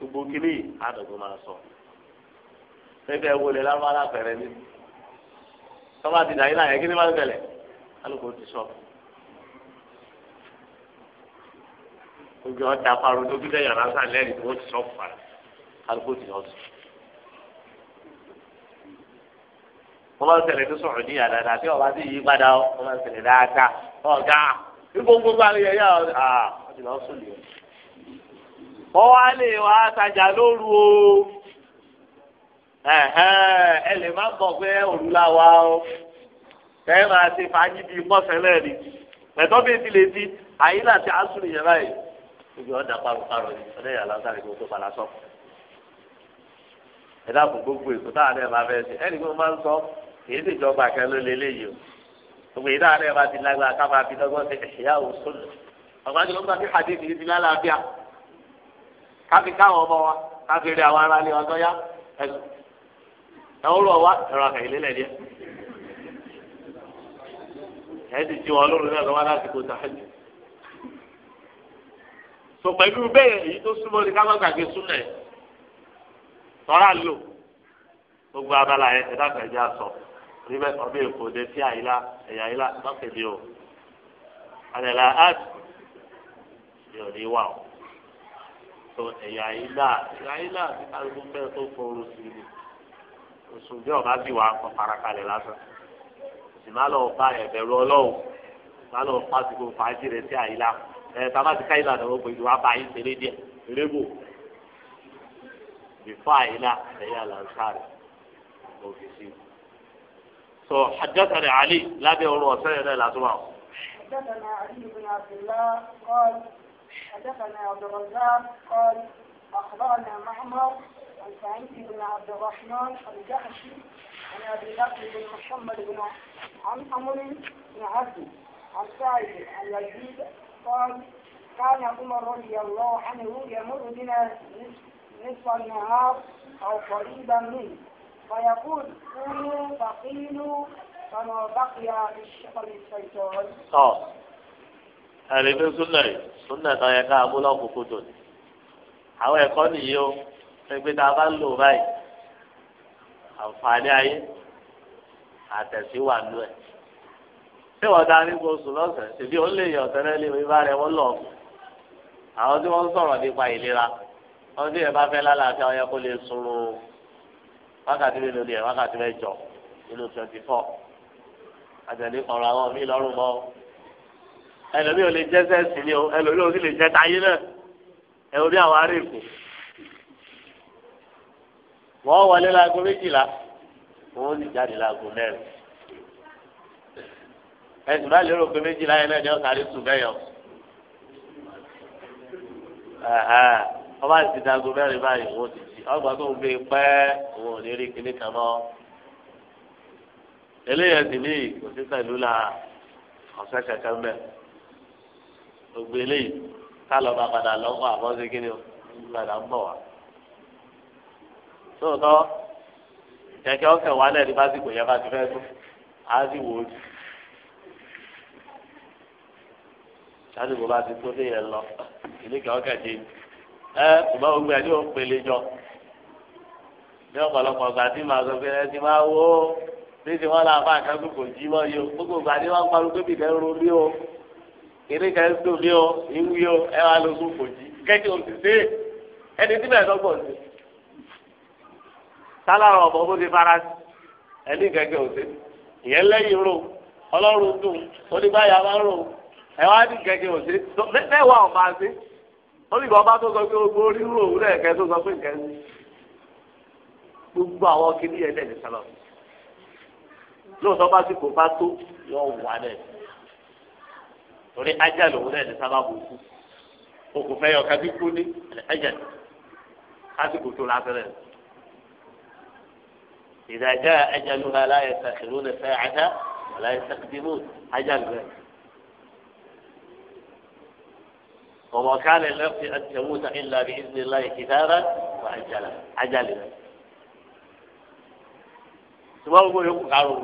gbogbo kìíní àdọ̀gbọ́n máa sọ pépé wọlé lárúbá lápẹ̀rẹ̀ n'i tọ́ba ti dàyí láyé kíní máa ń alùpùpù ti sọ. ojú ọ̀tá parọ́ lójú lẹ́yìn aránsá lẹ́yìn tí ti sọ fà alùpùpù ti sọ. wọ́n máa ń tẹ̀lé ní sọ̀rọ̀ ní tí ọba ti yí padà wọ́n ọwọ́ á lè wá tajà lóru o ẹ lè má bọ̀ pé òru la wa o ẹ máa ti fàájì bíi mọ́sẹ̀lẹ̀ ni ẹ̀tọ́ bíi ti lè di àyínlá ti asúlù yẹn báyìí ibi ọ̀dà paru ni tó gbogbo èkó táwọn ẹ̀ máa fẹ́ ṣe ẹnì kan máa ń sọ èyí ló lé o gbogbo èyí táwọn ẹ̀ máa ti lágbára káfí káwọn ọmọ wa káfí rí àwọn aráàlú ọjọ́ yá ẹ̀sùn ẹ̀wọ́n lọ wá ẹ̀rọ àkàyèlé lẹ̀ díẹ̀ ẹ̀ ti jí wọn lóru náà lọ́wọ́ láti kó sàájú. sọ pẹ̀lú bẹ́ẹ̀ èyí tó súnmọ́ ni ká gbàgbé súnà ẹ̀ tọ́ra lò gbogbo abala yẹn ẹ̀dá kẹjá sọ ríbẹ̀ ọbẹ̀ èkó dé sí àyílá ẹ̀yà àyílá lọ́kẹ̀lẹ́ o àlẹ́lá áàtì yóò ní wà o tó ẹ̀yà ilá ẹ̀yà ilá ti kálukú fẹ́ tó fọrọ sí i oṣù bí ọba sì wà kọ farakalẹ̀ lásán sì má lọ bá ẹ̀bẹ̀rù ọlọ́run má lọ bá ti kó fàájì rẹ sí àyílá ẹ̀ bàbá ti ká ìlà náà ó pè é wá bá yín tẹ́lẹ̀ díẹ̀ erébò bìfọ́ àyílá ẹ̀yà làǹkàrẹ̀ òfìsì. sọ حدثنا علي lábẹ́ ọ̀rọ̀ ọ̀sẹ̀ حدثنا عبد الرزاق قال أخبرنا معمر عن سعيد بن عبد الرحمن الجحشي عن أبي بكر بن محمد بن عن أمر بن عبد عن سعيد عن يزيد قال كان عمر رضي الله عنه يمر بنا نصف النهار أو قريبا منه فيقول كونوا فقيلوا فما بقي في الشقر الشيطان. آه. ẹ̀rí pé súnà yìí súnà tó yẹ ká abúlé òkùnkùn dùn ní. àwọn ẹ̀kọ́ nìyí o pé tá a bá ń lò báyìí àǹfààní ayé àtẹ̀síwà lù ẹ̀. ṣé wọ́n darí kó sùn ṣèbí ó lè yàn tẹ́lẹ̀ lé wíwá rẹ̀ wọ́n lọ̀ àwọn tí wọ́n sọ̀rọ̀ nípa ìlera wọ́n tí ẹ bá fẹ́ lálàáfíà ó yẹ kó lè sunrun wákàtí mélòó ni ẹ̀ wákàtí mẹ́jọ nínú twenty four àtẹ̀lé kọ̀ọ̀rọ̀ àwọn míì lọ́rùn mọ́ ẹlòmíì ò lè jẹ́ sẹ́ẹ̀sì ni o ẹlòmíì ò sì lè jẹ́ táyé náà ẹ àwọn ará èkó wọ́n wọlé láago méjìlá wọ́n sì jáde láago mẹ́rin ẹ̀sùn bá lérò pé méjìlá yẹn náà ni wọ́n sáré sùn bẹ́yọ̀ wọ́n ti dago mẹ́rin báyìí wọ́n ti jí ọgbà tó ń gbé pẹ́ òun ò ní rí kíní kan mọ́ eléyàtì ní kò sí pẹ̀lú la ọ̀sẹ̀ kẹ̀kẹ́ mẹ́rin gbogbo eléyìí ká lọ bá padà lọ́kọ́ àbọ̀sí kíni o padà ń bọ̀ wá. sóòtọ́ kẹ̀kẹ́ ọ̀kẹ́ wa náà ní básìkò yẹn bá ti fẹ́ tó á sì wò ó jù. sádùkú bá ti tó léyìn lọ ìníkẹ́ ọ̀kẹ́ dé ẹ ṣùgbọ́n gbogbo ẹ̀ ní òun pèlè jọ ní ọ̀pọ̀lọpọ̀ ọ̀gbà tí màá sọ pé ẹ ti máa wó ó bí ti wọ́n lọ àbá àkàkùn kò jí mọ́ yìí o gbogbo ìgbà ni wọ́n parọ́ pé bìbẹ́ ń ro bí o kìnìún kan tó bí o ìwí o ẹ wá lọ sóko jí kẹ́kẹ́ òun ti dé ẹni tí bẹ́ẹ̀ lọ́gbọ̀n ti sálárọ̀ ọ̀bọ̀ bó ti fara ẹni kẹ́kẹ́ òun ti ìyẹn lẹ́yìn rò ọlọ́run dùn oníbàyà máa ń rò ẹ wá ní kẹ́kẹ́ òun ti mẹ́wàá ọ̀ máa ti olùkọ́ bá tó sọ pé gbogbo onírúurú òun náà kẹ́ tó sọ pé nǹkan ti gbogbo àwọn kìnìún yẹn lẹ́yìn sálọ̀ lóòótọ́ bá sì kò bá tó yọ wà náà torí ajá lòun náà ní sábàbù kú òkú fẹ́ yọ kábí kú ní ajá lásìkò tó lásìrẹ̀ ìdájá ajá ló ha láyé sàkìlú ní fẹ́ ajá láyé sàkìdìmù ajá lòun. وما كان لنفس أن تموت إلا بإذن الله كتابا وأجلا أجلا سبحان الله يقول قالوا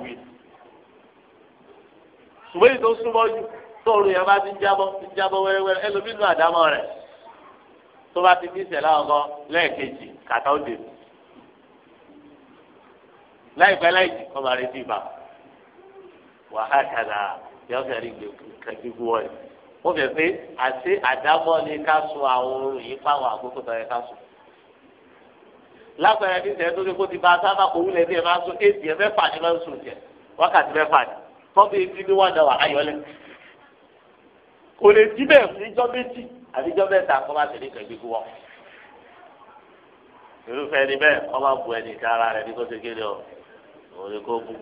سبحان الله tóoru yẹn bá ti ń jábọ́ ti ń jábọ́ wẹ́rẹ́wẹ́rẹ́ ẹlòmínú àdámọ́ rẹ̀ tó bá ti ní ìṣẹ̀lẹ̀ ọkọ lẹ́ẹ̀kejì kàtà ó dé láìpẹ́ láìjì kọ́ máa retí ibà wàhákàdà yọ̀ọ́kẹ́ rí gbẹ̀gbẹ̀gbẹ̀ wọ̀nyí ó fẹ́ pé àti àdámọ́ ni ká sun àwọn orun yìí fáwọn àkókò tó yẹ ká sun lápẹ̀rẹ̀ ní ìṣẹ̀lẹ̀ tó ṣe kó ti bá a sábà kó wúlẹ̀ ní ẹ̀ máa sun éèdì ẹ̀ mẹ́fà ni máa ń jẹ wákàtí mẹ́fà ni tọ́bí ibi ni wọ́n dà wà ayọ́lẹ̀ kò lè dí bẹ́ẹ̀ fún ijọ́ méjì àti ijọ́ mẹ́ta kọ́ bá tẹ̀lé ìkẹ́gbẹ́ gbọ́. irúfẹ́ ẹni bẹ́ẹ̀ wọ́n máa bu ẹnì kan ara rẹ̀ ní kó ṣe kéde ọ̀ òun ni kó bu.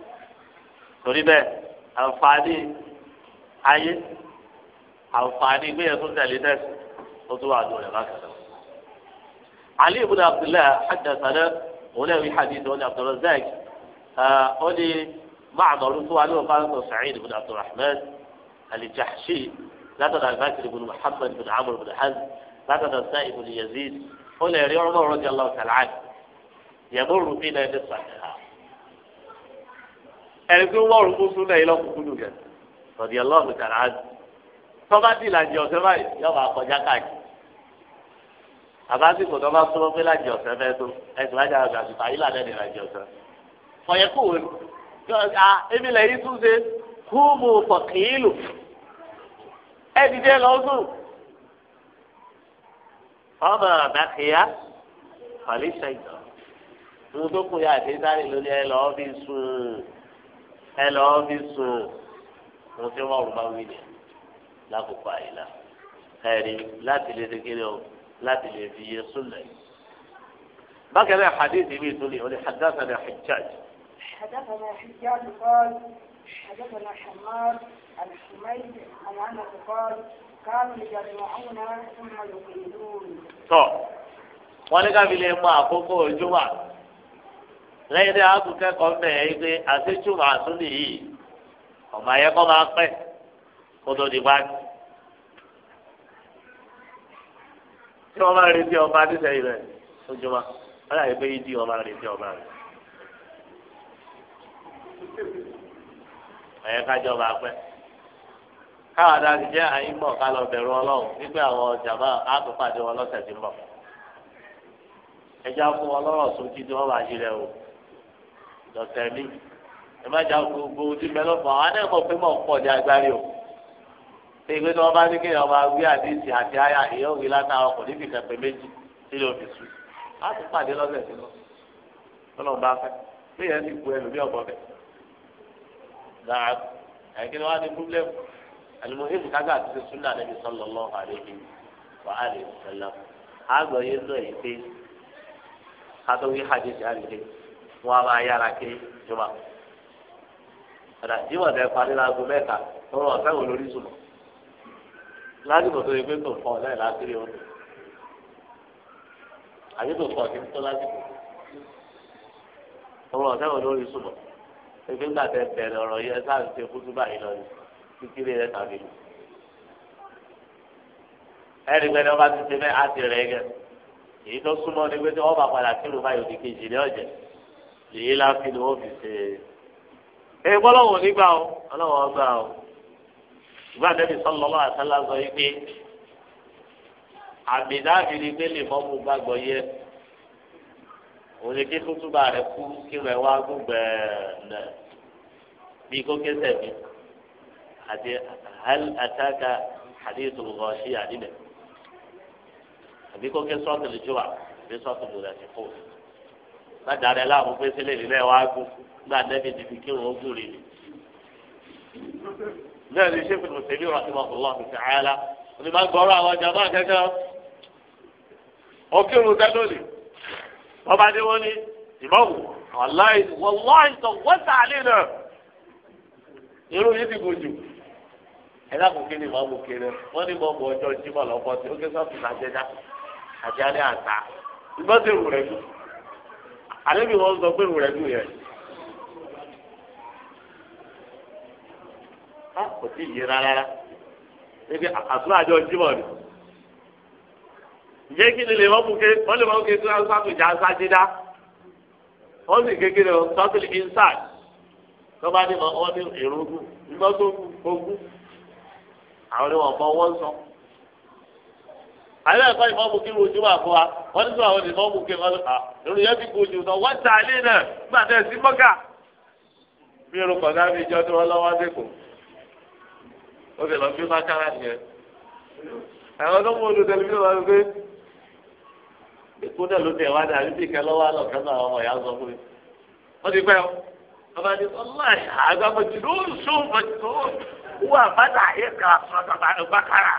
torí bẹ́ẹ̀ àǹfààní ayé àǹfààní gbéyẹ̀ tó tẹ̀lé tẹ̀sí ó tún wà lóun rẹ̀ bákan náà. علي بن عبد الله حدثنا ولوي حديث عن عبد الرزاق قولي معمر قال سعيد بن عبد الرحمن الجحشي látọ̀dọ̀ àgbàṣe ibùdó muhammed bin amr bin haz látọ̀dọ̀ sá ibùdó yazid ó lè rí ọmọ rọ́jà lọ́wọ́ tàlàyé yàgbó rúbí náà ẹni sàkà ẹni tó wọ́n rúbú sún náà ilé ọkùnkùn nù gẹ̀ rọ́jà lọ́wọ́ tàlàyé tọ́ba dì làjì ọ̀sẹ̀ báyìí yọ̀ọ́ bá kọjá káàkiri àbásìkò tó bá súnmọ́ pé làjì ọ̀sẹ̀ fẹ́ tó ẹ̀sìn lájà ọ̀sẹ̀ àtìpá yìí làdẹ́ ní làjì ọ̀sẹ̀ ọ̀yẹ́kùn èmi lẹ́yìn túnṣe kúùmù fọ̀kìlù ẹ dìde lọ sùn ọmọ àbákẹ́yà fàlíṣà ìtàn mo tó kù yá àdéhùn lórí ẹ lọ́ọ́ fi sùn ẹ lọ́ọ́ fi sùn mo ti wọ́n rúbá wí ni lákòókò àyílá ẹ̀rí láti lè dégéré o láti lè fi yé súnlẹ̀. bákan náà hadith mi tún lè wọlé hadith náà hijjaj. حدثنا حماد عن حميد عن عنه قال كانوا يجمعون ثم يقيلون. wọ́n ní káfí lè mọ àkókò ojúmọ̀ lẹ́yìn tí a tún kẹ́kọ̀ọ́ bẹ̀rẹ̀ yìí pé àṣejúmọ̀ àtúndì yìí ọ̀mọ̀ ayẹ́kọ́ máa pẹ́ kó tó di wájú. tí wọ́n máa retí ọba nísẹ̀yìn rẹ̀ ojúmọ̀ wọ́n yà pé yìí di ọba retí ọba rẹ̀. ẹ̀yẹ kájọba pẹ́ káwọn adarí jẹ́ àyínbọ̀ ká lọ bẹ̀rù ọlọ́run nígbà àwọn jàmbá àtúpàdé wọn lọ́sẹ̀ tí ń bọ̀ ẹja fún ọlọ́rọ̀ lọ́rọ̀ tí wọ́n bá yí rẹ o mi ẹ má jà gbogbo àwọn o ṣé bá ní kí àti àyà ọkọ̀ níbi méjì sílẹ̀ náà àyíkéde wa ni púrọ́blẹ́mù alimuhim kaga ti sunna nabi sallallahu alayhi wa alihi wa sallam agbọ yẹn lọ yìí pé kátó wí hadithi àlìké wọn a máa yára kiri jùmọ ọ̀dà jimọ̀ tẹ parí laago mẹ́ta tó rọ ọ̀sẹ̀ wò lórí sùnmọ̀ lásìkò tó yẹ pé tó fọ ọ̀sẹ̀ lásìrì o àbí tó fọ ọ̀sẹ̀ tó lásìkò tó rọ ọ̀sẹ̀ wò lórí sùnmọ̀ ebi ńgbà tẹ bẹ̀rẹ̀ ọ̀rọ̀ yẹn sáà ń ṣe kútúbà yìí lọ ní kíkiri rẹ tàbí lù ẹni gbẹdẹ ọba ti ṣe bẹ́ẹ̀ á ti rẹ gẹ èyí tó súnmọ́ ni pé tí wọn bá padà kí ló bá yòókì kejì ní ọjẹ èyí láfi ni wọn fi ṣe é ẹ gbọlọwọ nígbà o ọlọwọ ọgbà o ìgbà tẹbi sọlọlọ àtàlà sọ yìí pé àmì dáàbì ni mọ mú gbàgbọ́ yẹ òun ni kí kútúbà rẹ kú kí rẹ wá gbẹ̀ẹ́nà bí kò kẹsẹ̀ mi àti hal ataka hadithul ghashiya àdìmẹ àbí kò kẹsẹ̀ sọ́ọ̀tì lùjúwà àbí sọ́ọ̀tì lùdàtì fún un bàtà rẹ láàbù pé sílẹ̀ nílẹ̀ wá gùn gbà dẹ́bi ti fi kírun ó gùn rí ni. náà ní sẹ́fù mùsùlùmí rahimahullah fi ṣàyàlá òní máa ń gbọ́rọ̀ àwọn jàmbá kẹ́kẹ́ ọ́ kírun tẹ́lónìí. ọba dé wọ́n ní ìmọ̀wù wàláì wàláì tó wọ́tà nínú irú yìí ti gòjò ẹ dákun kí ni màá mú kéré wọ́n ní mọ̀mú ọjọ́ jimá lọ́kọ́ tí ó ké sọ́ọ̀tù sàjẹ́dá àti alẹ́ àtà ìgbọ́n ti rù sọ pé rù rẹ̀ jù ǹjẹ́ kí ni lè wọ́n mú ké wọ́n lè wọ́n ké kí wọ́n wọ́n sì wọ́n ní tó ogún àwọn ni wọ́n bọ́ wọ́n sọ. àyẹ̀wò ẹ̀kọ́ kí wọ́n ojú wà fún wa wọ́n ní sọ àwọn mú wọ́n ti kú ojú sọ wọ́n ta ilé náà nígbà tẹ̀ sí mọ́kà. bí mi jọ tí wọ́n lọ́wọ́ dẹ́kun ó sì lọ nìyẹn. tó mú èkó náà ló tẹ̀ wá dà àbí tìkẹ́ lọ́wọ́ àlọ́kẹ́ náà ọmọ ìyá sọ fún mi. wọ́n ti pẹ́ o ọba ní ọláì àgbàmọ̀jì ló ń sọ ọmọdé tó wà bàtà ẹ̀ka wọ́n pé ti máa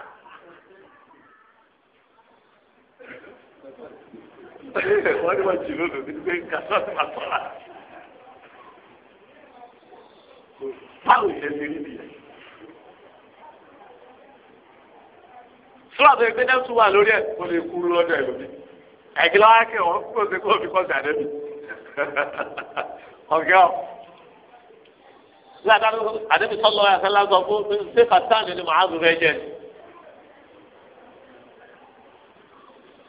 báwo ṣe ti rí nìyẹn. ẹgbẹ́ náà tún wà lórí ẹ̀ kó lè ẹ̀gbẹ́ wa kẹ́ wọ́n kó ṣe kó fi kọ́ sí àdébì ọ̀gá ọ̀ ládàá àdébì sọ́lọ́ ẹ̀sẹ̀lá sọ fún ṣé kàtàǹdì ni màá zùrọ̀ ẹ̀jẹ̀ ni.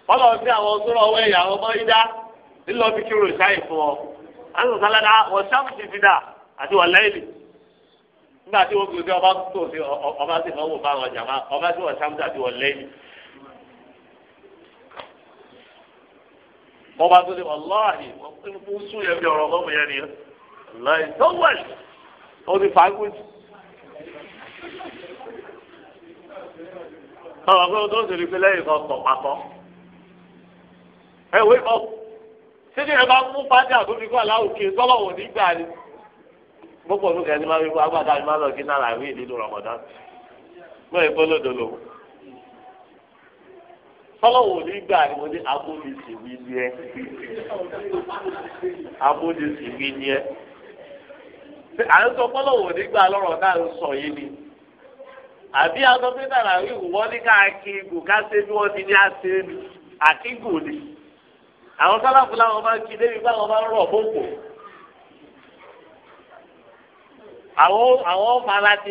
wọ́n lọ sí àwọn sọ́rọ̀ ọwọ́ ẹ̀yà ọmọ ìdá nílò fi kí ròṣà ìfún ọ. àwọn sọ́lá wọ́n sáà ti fi dà àti wọ́n lẹ́yìn nígbà tí wọ́n gbé ọba tó ọba sì fọwọ́ bá wọn jàmá ọba tí wọ́n sáà ti wọ́n lẹ́yìn. mo bá tó lé wàláhì sún yẹn bí ọ̀rọ̀ ọmọ yẹn nìyẹn láì sọ́wọ́lì ó ti fàágùn jù. àwọn akọ́kọ́ tó ń sèré pé lẹ́yìn kan sọ̀ pàtọ́ ẹ wé kọ́ títí ẹ bá mú fájà tó fi kọ́ aláwòkè sọ́lọ́ wò ní gbà ni gbogbo olùkẹ́ni máa wí fún agbádá ni máa lọ kí náírà wí nínú rọmọdán mọ́ ìpolódò lòun. tọ́lọ́wọ́ nígbà ni mo ní abódìsíwí ni ẹ abódìsíwí ni ẹ à ń sọ tọ́lọ́wọ́ nígbà lọ́rọ̀ náà ń sọ ni àbí aṣọ pé tàrà wíwù ní ká kí ká ṣe bí wọ́n ti ní àṣẹ mi ni àwọn sábàbù làwọn máa ń kí débi wọn máa ń rọ̀ bókò àwọn àwọn ọmọ aláti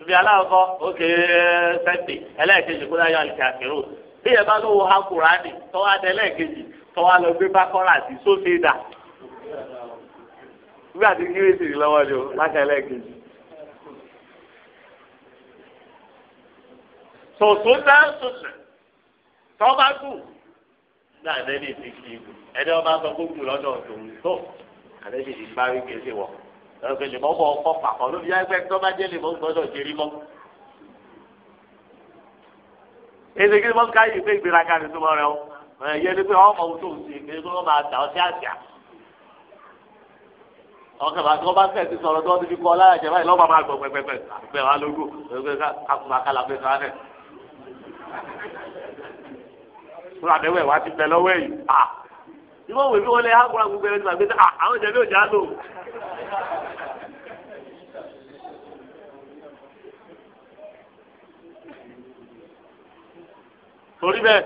ibi aláwọ̀kọ́ ó sẹ́ńtì ẹlẹ́ẹ̀kejì kó láyọ̀ àlìkàfẹ́rù bí ẹ bá ló wo akùránì tọ́wọ́ adé ẹlẹ́ẹ̀kejì tọ́wọ́ lọ gbé bákọ́rà àti sófin dà nígbà tí kérésì lọ́wọ́ ni lákà ẹlẹ́ẹ̀kejì. sòsò dá sòsò tọ́ba kù ní àdéhìí ti kí ẹni ọba sọ gbogbo lọ́dọ̀ tòun tó àdéhìí ti parí kéde wọ̀ ẹgbẹ́ lè mọ́ bọ́ ọkọ̀ pàpọ̀ lóbi ẹgbẹ́ tó bá jẹ́ lè mọ́ gbọ́dọ̀ jẹ́rí mọ́. èdè kí ni wọ́n yìí pé ìgbéraga ni tó mọ rẹ o ẹ̀yẹ ni pé ọmọ ohun tó ń ṣe ìgbé tó máa dà ọ́ sí àṣà. ọkọ̀ bá tó bá fẹ́ ti sọ̀rọ̀ tó ti fi kọ́ láyà jẹ́ báyìí lọ́ọ́ máa gbọ̀ pẹ́pẹ́pẹ́ àgbẹ̀ wa lógo ẹgbẹ́ kakùnmá kálá pé sọ fún àbẹ̀wẹ̀ wa ti bẹ lọ́wọ́ yìí ìwọ òwe bí wọn lè hákùrà gbogbo ẹni gbàgbé sẹ ah, àwọn ìjẹbi òjá lò. torí bẹ́ẹ̀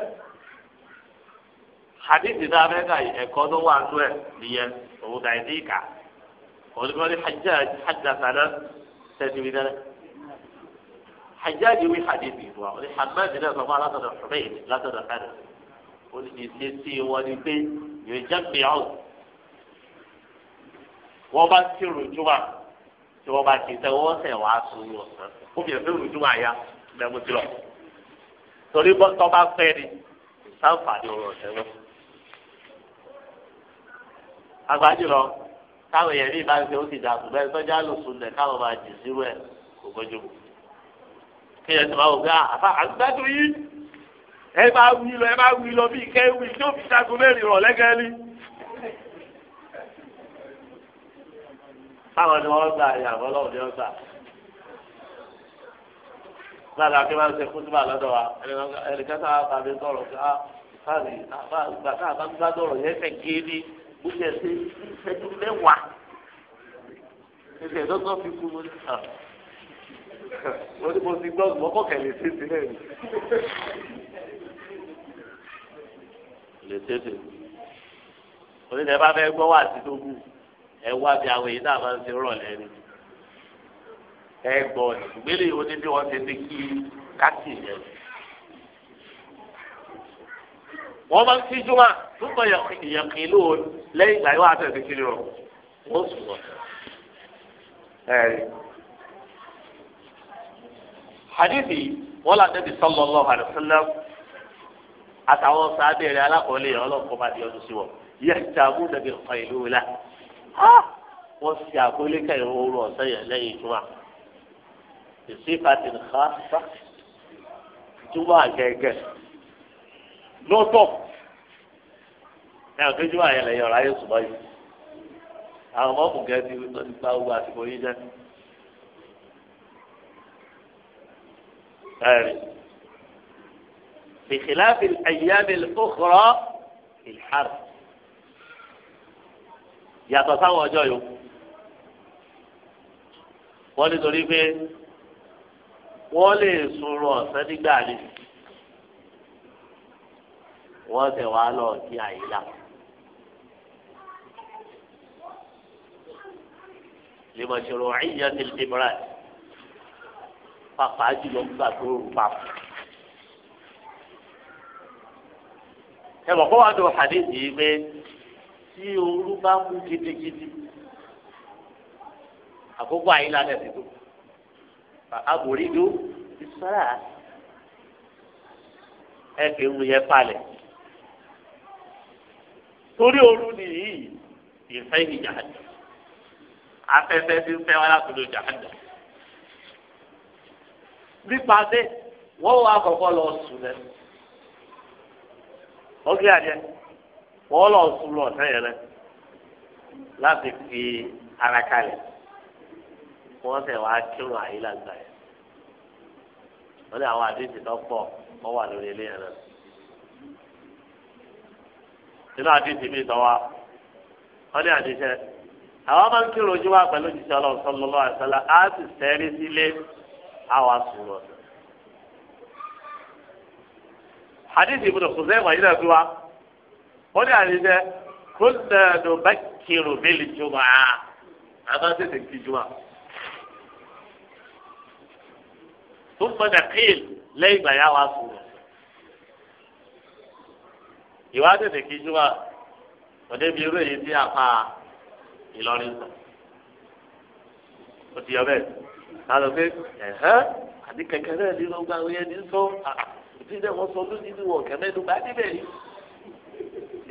hadithi náà bẹ́ẹ̀ ka ẹ̀kọ́ tó wà nínú ẹ̀ nìyẹn òun kà ẹ̀ ní ìkà olùkọ́ ní hajjasana sẹ́ni wí dáná hajjaji wí hadithi wa ní hamadi náà sọ fún alátọ̀dọ̀ ṣùgbọ́n látọ̀dọ̀ kánà ó ní ìṣesí wọn ni pé yóò jẹ́ gbìyàwó wọ́n bá ti rùjúmà tí wọ́n bá ti tẹ́ wọ́n sẹ̀ wá sùn ní ọ̀sán ó fi ẹ̀fẹ́ rùjúmà ya lẹ́mú ti lọ. torí bọ́tọ́ bá fẹ́ ni sáǹfààní ọ̀rọ̀ ọ̀sẹ̀ lọ. agbájú lọ táwọn èèyàn bíi bá ń ṣe ó ti dà kù bẹ́ẹ̀ sọ́jà sùn lẹ̀ káwọn máa jì sírú ẹ̀ kò bójú mu. kéèyàn ti máa wò pé ah, àfa àgbàdo yìí ẹ bá wí lọ ẹ bá wí lọ bíi kẹwì tí ó fi ṣàgó mẹ́rin rọ̀ lẹ́gẹ́lí. táwọn ni wọ́n gbà ìyàwó ọlọ́run ni wọ́n gbà. gbàdá kí wọ́n ṣe kúndùmá lọ́dọ̀ wa ẹnìkan tá a bá mi sọ̀rọ̀ ká káàdì àgbà tá a bá gbá sọ̀rọ̀ yẹn fẹ̀ géèdì ó yẹ ṣe ìṣẹ́jú mẹ́wàá. ìṣẹ̀dọ́ tó fi kú mo ní sàn. Ah. mo ti gbọ́ ọ̀gbọ́n kọ̀kẹ́lẹ́ sí sílẹ̀ lè tètè onídẹ̀ẹ́ bá fẹ́ gbọ́ wà sí lógún ẹ wá bí àwọn èyí náà máa ń ṣe rọ̀lẹ́ ni ẹ gbọ́ ìgbélé ìwọ ní bí wọ́n ti ní kí káàkiri yẹn. wọ́n máa ń kí júmọ́ púpọ̀ ìyànkì lóhùn lẹ́yìn ìgbà yóò àtẹ̀ sí kiri rọ̀ wọ́n sùn lọ. hadithi wọ́n làdẹ́bi sallallahu alaihi wasallam àtàwọn sábẹ́rẹ́ alákọ̀ọ́lẹ̀ ọlọ́kọ̀ bá di ọdún sí wọn yẹ jàmú nàbí ọ̀fà ìlú wọlé wọ́n fi àkọlé kẹ́yìn ooru ọ̀sẹ̀ yẹn lẹ́yìn ìjùmọ̀ ìsífàtì nìkan sá ìjùmọ̀ àgẹ́gẹ́ lọ́tọ̀ ẹ̀rọ kéjúmọ̀ àyẹ̀ lẹ́yìn ọ̀rọ̀ ayé sùmọ́ yìí àwọn ọmọ ọ̀gá ti ti gba owó àsìkò yìí jẹ́ ẹ̀rì. بخلاف الأيام الأخرى الحرب yàtọ̀ sáwọn ọjọ́ yòókù wọ́n nítorí pé wọ́n lè sunrun ọ̀sán nígbà ni wọ́n tẹ̀ wá lọ kí àyílá. lèmọ̀ṣẹ̀rọ̀ àyíyá ti lè bọ̀rọ̀ pàpà jùlọ nígbà tó rù papọ̀. ẹ bọ̀ kó wá do hadith yìí pé tí ooru bá mú gidigidi àkókò àyílá rẹ̀ ti tó àbòrí dó ìsọ́ra ẹ kì í mu yẹ palẹ̀ torí ooru nìyí ìfẹ́ ìjà àjọ afẹ́fẹ́ ti ń fẹ́ wá láti lo jàǹdà. nípa dé wọ́n wá kọ́kọ́ lọ sùn lẹ́nu. ó kí wọlọ wọ́n lọ láti fi ara kalẹ̀ wọ́n sẹ̀ wá kírun àyílà gbà yẹn wọ́n ní àwọn àdéhùn tó wà lórí ilé yẹn náà nínú àdéhùn mi wa ní àdéhùn àwọn máa ń kírun ojú wa sílé àwọn àdìsí ibùdó kò sẹ́yìn wáyé náà fi wá ó ní àdìsẹ́ kó nàánú bá kírun bẹ́ẹ̀lì jùmọ̀ á àbá tètè kí jùmọ̀. tó ń padà kéèl lẹ́yìn ìgbà yà wá sùn. ìwà tètè kí jùmọ̀ òde bíi irú èyí tí a fa Ìlọrin sọ. ó ti yọ bẹ́ẹ̀ ká lọ pé ẹ̀hẹ́ àti kẹ̀kẹ́ náà ní ló gbà wíyẹn ní sọ àkàkọ́ títí dẹ wọn sọ lójú ní wọn kẹmẹ ẹnu bá níbẹ̀ yìí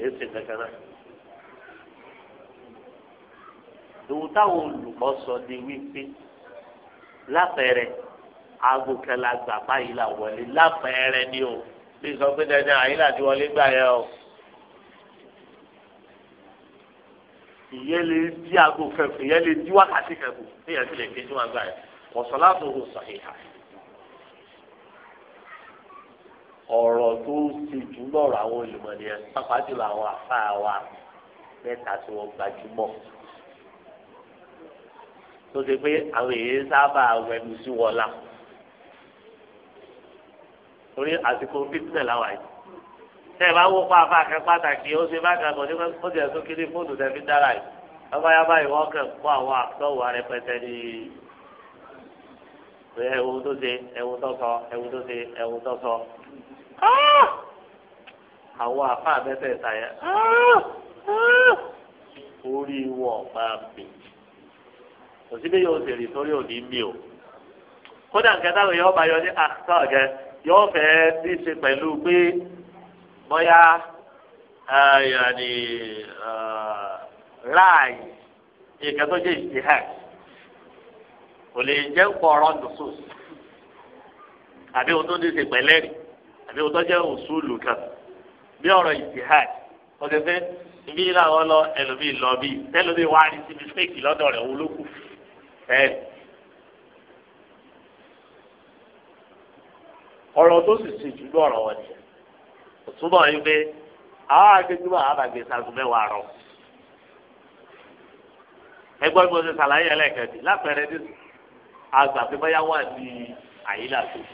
èyí ṣe kankan náà. ìwọ̀n táwọn olùkọ́ sọ ni wípé lápẹẹrẹ aago kan la gbà báyìí la wọlé lápẹẹrẹ ni o bí sọ pé dandan àyílà ti wọlé gbà yẹ o. ìyẹn lè di aago kẹfù ìyẹn lè di wákàtí kẹfù ìyẹn ti lè fi ní gbà yẹ kọ̀sọ́lá tó sọ ìhà yìí. ọ̀rọ̀ tó ṣe jù lọ́rọ̀ àwọn olùmọ̀ni ẹ̀ pàápàá jùlọ àwọn àfa wa mẹ́ta tí wọ́n gbajúmọ̀ tó ṣe pé àwọn èèyàn sábà wẹnu sí wọn la àsìkò fitness làwọn àyè tẹ ẹ bá wọ pa afa kan pàtàkì ó ṣe bá kan bọ̀ nípa ó ti ẹ̀sùn kiri fóònù tẹ dára yìí bàbá yá báyìí kó àwọn àtọ́wò arẹpẹtẹ ní ẹ̀wù tó ṣe ẹ̀wù tó sọ ẹ̀wù tó ṣe ẹ̀wù tó sọ. Ah! àwọn àfa àbẹ́tẹ̀ẹ̀ta yẹn ah! Ah! orí wọn ọ̀pá mi kò sí bí yóò ṣe rí òní mi o kódà nǹkan táwọn yóò bá yọ ní àkàtà ọ̀gẹ́ yóò fẹ́ ní ṣe pẹ̀lú pé bóyá ráàyè eh, eh, nǹkan tó jẹ́ ìjìhàn kò lè jẹ́ pọ̀ ọ̀rọ̀ nùsùn àbí ohun tó ní ṣe pẹ̀lẹ́rì. àbí wọ́n tọ́jú òṣùlù kan bí ọ̀rọ̀ ìtìhàd wọ́n ti fẹ́ ibi làwọn lọ ẹlòmíì lọ bíi tẹ́lómi wá ní síbi lọ́dọ̀ rẹ̀ wọ́n ló kù ẹ̀. ọ̀rọ̀ tó sì ṣe jù lọ ọ̀rọ̀ wọn òtúbọ̀ yín pé àwọn sago mẹ́wàá ẹgbọ́n mi ò ṣàlàyé ẹlẹ́kẹ̀ẹ́dì àgbà wà ní àyílà tó ṣe.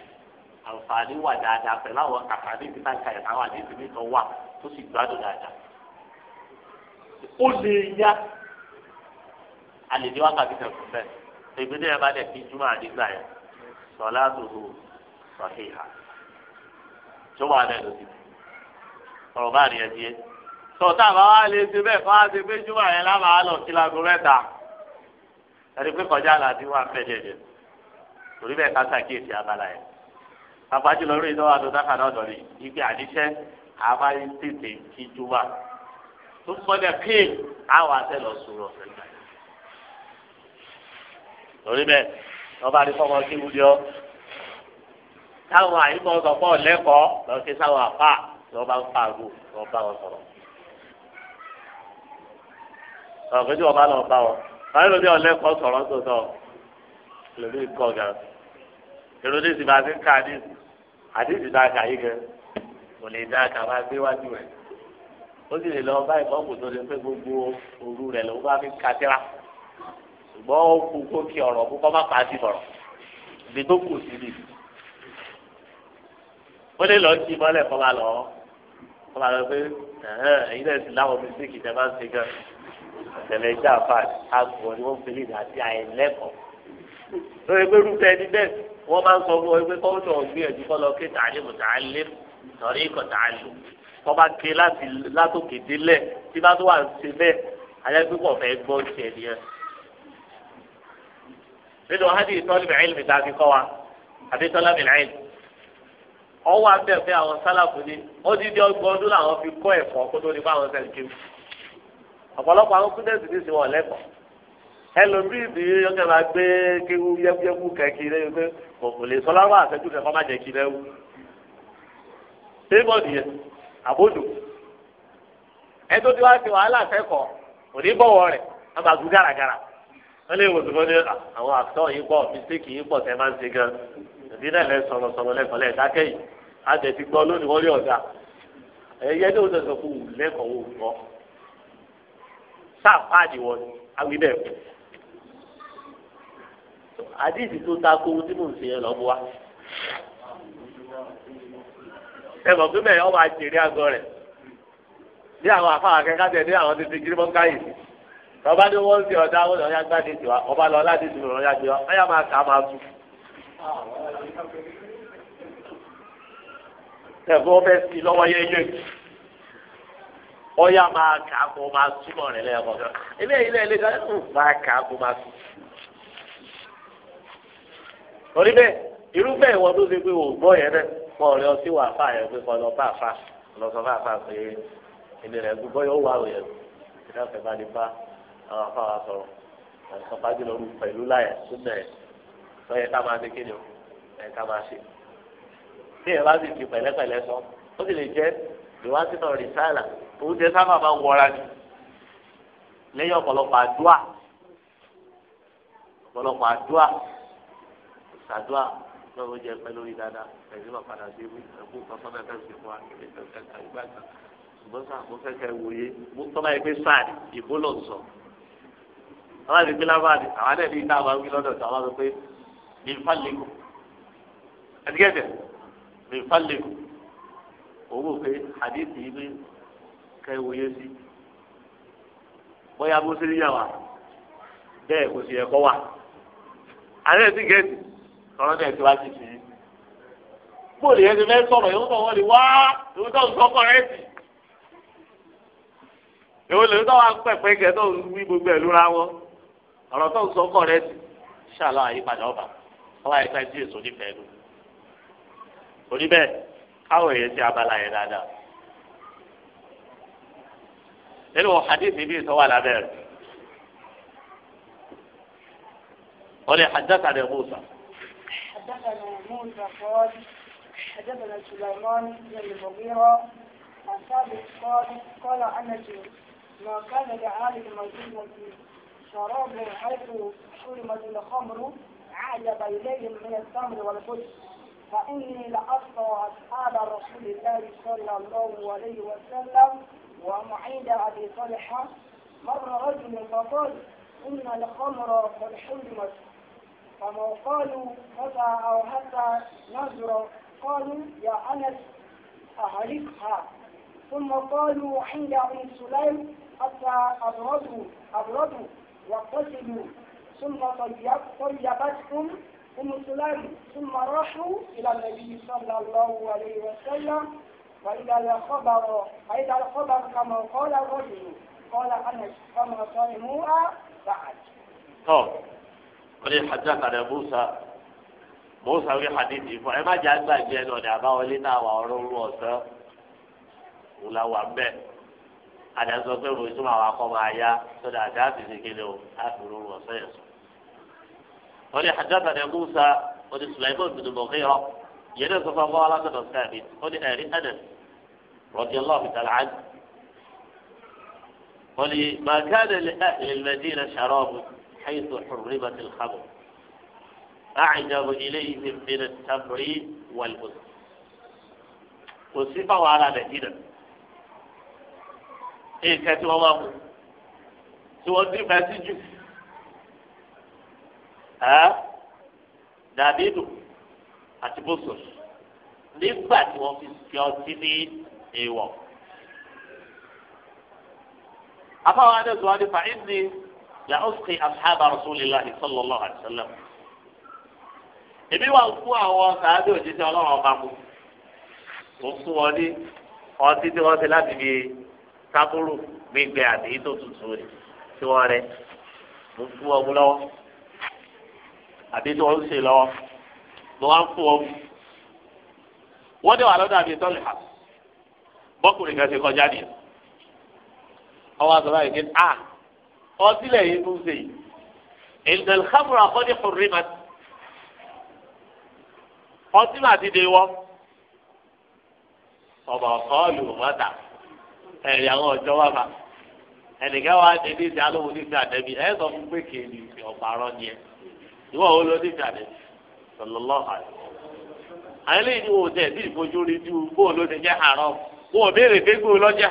àǹfààní wà dáadáa pẹ̀lú àwọn àǹfààní ti táǹkà ẹ̀ táwọn àdéhùn mi kan wà tó sì gbádùn dáadáa. ó lè yá àlèdè wákàtí kan fún bẹ́ẹ̀ ìgbésẹ̀ yẹn bá dẹ̀ fi júmọ̀ àdígbà yẹn sọlá tòhó sọ̀híhà tó wà lẹ́nu sí i ọ̀rọ̀ bá rí ẹbí yẹn. sọ̀tà bá wà lè ṣe bẹ́ẹ̀ fáwọn ṣe pé júmọ̀ yẹn lábàá lọ sí lago mẹ́ta ẹni pé kọjá làdí wà fẹ́ dẹ̀dẹ̀ torí bẹ́ẹ̀ ká sàkíyèsí abala yẹn pàpàjù lórí ìdánwò àdó dáka náà dọ̀rí ibi àdíṣẹ́ àbá tètè kíjú wa tó gbọ́dọ̀ pé àwọn àtẹ lọ sùúrù ọ̀fẹ́ gbà yìí. torí bẹ́ẹ̀ lọ́ba rí fọmọ sí wúdi ọ́ táwọn àyíkọ́ sọ̀pọ̀ lẹ́kọ̀ọ́ lọ sí sáwọn àpá lọ́ba ń pààrọ̀ lọ́ba wọn sọ̀rọ̀. sọ̀rọ̀ pé tí wọ́n bá lọ bá wọn báyìí lóde ọ̀lẹ́kọ̀ọ́ sọ̀rọ̀ tó sọ lóde kọ̀ èrò ní ìsìn bá ti ń ká ní ìsìn àdéhùn náà kà yí gan kò lè dá kà máa gbé wájú rẹ̀ ó sì lè lọ bá ìbọn kò tó lè fẹ́ gbogbo òru rẹ̀ ló bá fi kátẹ́rà ṣùgbọ́n ó kú kó kí ọ̀rọ̀ kó kọ́ má pa á sí ọ̀rọ̀ ibi tó kù sí ibi ó lè lọ sí ìmọ̀lẹ̀ kọ́ máa lọ kọ́ máa lọ pé ẹ̀yin náà sì láwọn mísíkì tẹ́ máa ń ṣe gan tẹ̀lé ìjà fà á ni wọ́n fi lè dá sí àìlẹ́kọ̀ọ́ lórí pé rúbẹ́ ẹni bẹ́ẹ̀ wọ́n máa ń sọ fún ọ pé kọ́ lọ gbìyànjú kọ́ lọ ké tààlé mùtàálé sọ̀rí ikọ̀ tààlé kọ́ bá ké láti látòkè délẹ̀ tí bá tó wà ń ṣe bẹ́ẹ̀ ayẹ́gbẹ́ pọ̀ fẹ́ gbọ́ tiẹ̀ nìyẹn. nínú hadi ìtọ́lù mẹ́rin mi ta fi kọ́ wa àbí tọ́lá mẹ́rin ọwọ́ abẹ́fẹ́ àwọn sálàfù ni ó ti di ọgbọ́n ọdún làwọn fi kọ́ ẹ̀kọ́ kó tó ní fáwọn sẹ́ńtì ọ̀pọ̀lọpọ̀ àwọn kúndẹ̀sì ní ìsìn wọn lẹ́kọ̀ọ́ ẹlòmíì bí ọkẹ́ máa gbé kéwu yẹ́kúyẹ́kú kẹ́kì lẹ́yìn pé kò lè sọ láwọn àṣẹjú kẹ́kọ́ má jẹ́ kí lẹ́wù. tébọ̀ nìyẹn àbójú ẹ tó ti wá sí wàhálà kẹ́kọ̀ọ́ kò ní bọ̀wọ̀ rẹ̀ wọ́n máa gún gàràgàrà wọ́n lè wò tó fún àwọn àtọ́ yìí pọ̀ mistake yìí pọ̀ tẹ́ máa ń ṣe gan ìdí náà lẹ sọ̀rọ̀ sọ̀rọ̀ lẹ́kọ̀ọ́ lẹ́ dákẹ́ yìí àjẹ ti gbọ́ lónìí wọ́n rí ọ̀gá ẹ̀yẹ́ ní òṣèlú kò wù lẹ́kọ̀ọ́ wò gbọ́ sáà àdìsí tó ta kó tí mò ń ṣe yẹn ẹ mọ̀ pé bẹ́ẹ̀ ọba àjèrè àgọ́ rẹ̀ bí àwọn afáwọn akẹ́kọ̀ọ́ tẹ̀ ní àwọn tètè gírí mọ́ káyè ọba ní wọ́n ti ọ̀dà wọ́n lọ́ọ́ gbá dèjì wa ọba lọ́ọ́ láti dùn lọ́ọ́ yá gbé wa ọ̀yà máa kà á máa tu. ẹ̀fọ́ wọn fẹ́ sí lọ́wọ́ yẹ́yẹ́ ọ̀yà máa kà á kó máa túmọ̀ rẹ̀ lẹ́yìn ọ̀gá ilé ilé ilé torí bẹ́ẹ̀ irúfẹ́ ìwọ tó ṣe pé wò gbọ́ yẹn náà mọ ọ̀rẹ́ ọtí wà fà yẹn pé kọ́ lọ bá fà lọ sọ fà fà pé ilé rẹ̀ gbogbo yóò wà òye ìdáfẹ́ bá ní bá àwọn afá wa sọ̀rọ̀ àìsàn bá jùlọ rú pẹ̀lú láyà súnmọ́ ẹ̀ yẹ ká máa ṣe kéde o ẹ̀ ká máa ṣe. bí ẹ bá sì fi pẹ̀lẹ́pẹ̀lẹ́ sọ ó sì lè jẹ́ ìwádìí rìsáàlà òun sábà máa ń wọra ni lẹ́yìn ọ̀pọ̀lọpọ̀ àdúà ọ̀pọ̀lọpọ̀ àdúà sàdúà lọ́wọ́ jẹ pẹ́ lórí dáadáa ẹ̀sìn máa padà sí ewu ẹ̀kú kan sọ́dọ̀ ẹ̀ka sì fún wa ẹ̀ka ẹ̀ka ìgbà kan ṣùgbọ́n sáà mo fẹ́ kẹ́ wòye mo tọ́ba yẹ pé sáà ìbò lọ sọ. àwọn àti gbé lábàá ni àwọn àdẹ́ẹ̀dì iná àwọn wí lọ́dọ̀ tó àwọn sọ pé mi fa lẹ́kọ̀ọ́ ẹ̀dígẹ́dẹ̀ mi fa lẹ́kọ̀ọ́ owó pé àdéhùn yìí kẹ́ wòye sí bóyá bó ṣe níyàwó bẹ́ẹ̀ kò sì ẹ̀kọ́ wà àdẹ́ẹ̀dì gẹ̀ẹ́dì sọ̀rọ̀ dẹ̀ tí wàá ti fi. bóòlù yẹn ti fẹ́ sọ̀rọ̀ yóò tọ̀ lè wá èwo tó sọ́kọ̀ rẹ̀ sí. èwo lè tó wà pẹ̀pẹ́ kẹ́ tó ń wí gbogbo ẹ̀ lóra wọn. ọ̀rọ̀ tó ń sọ́kọ̀ rẹ̀ sí. ṣàlọ́ àyípadà ọba ọba ẹ̀ka ẹ̀dí èso nífẹ̀ẹ́ lò. òní bẹ́ẹ̀ káwọ̀ èyẹ ti abala yẹn dáadáa. nínú hadith ibi ìtọ́wà lábẹ́ rẹ̀. wọ́n lè haddatha حدثنا موسى قال حدثنا سليمان بن المغيرة عن ثابت قال قال انس ما كان لعالم مدينة شراب حيث حرمت الخمر عجب اليهم من التمر والبس فاني لاصفى اصحاب رسول الله صلى الله عليه وسلم ومعيد ابي طلحه مر رجل فقال ان الخمر قد حرمت فما قالوا هذا أو حتى نظرة قالوا يا أنس أهلكها ثم قالوا عند أم سليم حتى أبردوا أبردوا وقتلوا ثم طيب-، طيبتهم أم سليم ثم راحوا إلى النبي صلى الله عليه وسلم فإذا الخبر فإذا الخبر كما قال الرجل قال أنس فما صنعوها بعد. wọ́n ní hadathana Musa Musa wí hadithi fún ẹ má jẹ́ àgbàgbé ẹnu ọ̀dà àbáwọlé náà wà ọ̀rọ̀ òru ọ̀sán òun la wà mbẹ́ àdàzọ pé mo ìtumọ̀ àwọn akọ máa yá sọ́dọ̀ àti àfìsí kéde o láti òru ọ̀sán yẹn sọ. wọ́n ní hadathana Musa wọ́n ní Sulaiman bin Mughira yẹn náà sọ fún ọmọ alágbàdo wọ́n ní ẹ̀rí Anas radiyallahu ta'ala anhu wọ́n ní ma kana حيث حرمت الخمر أعجب إليهم من التمر والأذن وصفة على مدينة إيه كانت ومامه سوى ما تجي ها دابيدو أتبصر nígbà tí wọ́n fi fi ọtí ní èèwọ̀ yà ó sì asábà rasulillahi sallallahu alaihi wasallam. èmi wà fún àwọn sàádé òjijì ọlọ́run ọba mu mo fún wọn ní ọtí tí wọ́n ti láti fi sábúrú gbígbẹ àti tó tutù rẹ̀ tí wọ́n rẹ̀ mo fún ọmú lọ́wọ́ àbí tí wọ́n ń ṣe lọ́wọ́ mo wá ń fún ọmú. wọ́n dẹ̀ wà lọ́dọ̀ àbí tọ́lẹ̀ hà bọ́kùnrin kan ti kọjá nìyẹn. ọwọ́ àgbà báyìí kí ni a ọtí lẹ́yìn tó ń ṣe yìí ìdèl xamura kọ́ni xurima ọtí máa ti dé wọ́ ọba kọ́ọ̀lù mọ́ta ẹ̀rí àwọn ọjọ́ wa ma ẹnìkan wa ní ní ìsìn alóhùn ní ìsìn àdẹ́bí ẹ̀ sọ fún pé kéènì ọ̀pá arọ́ ni ẹ̀ ìwọ wo ló ní ìsìn àdẹ́bí sọlọ́lọ́ àdẹ́bí àyẹ̀lẹ́yìn ni wò ó tẹ̀ sí ìfojú rí ju bóòlù ti jẹ́ àárọ̀ wò ó béèrè pé gbòòlù ó jẹ́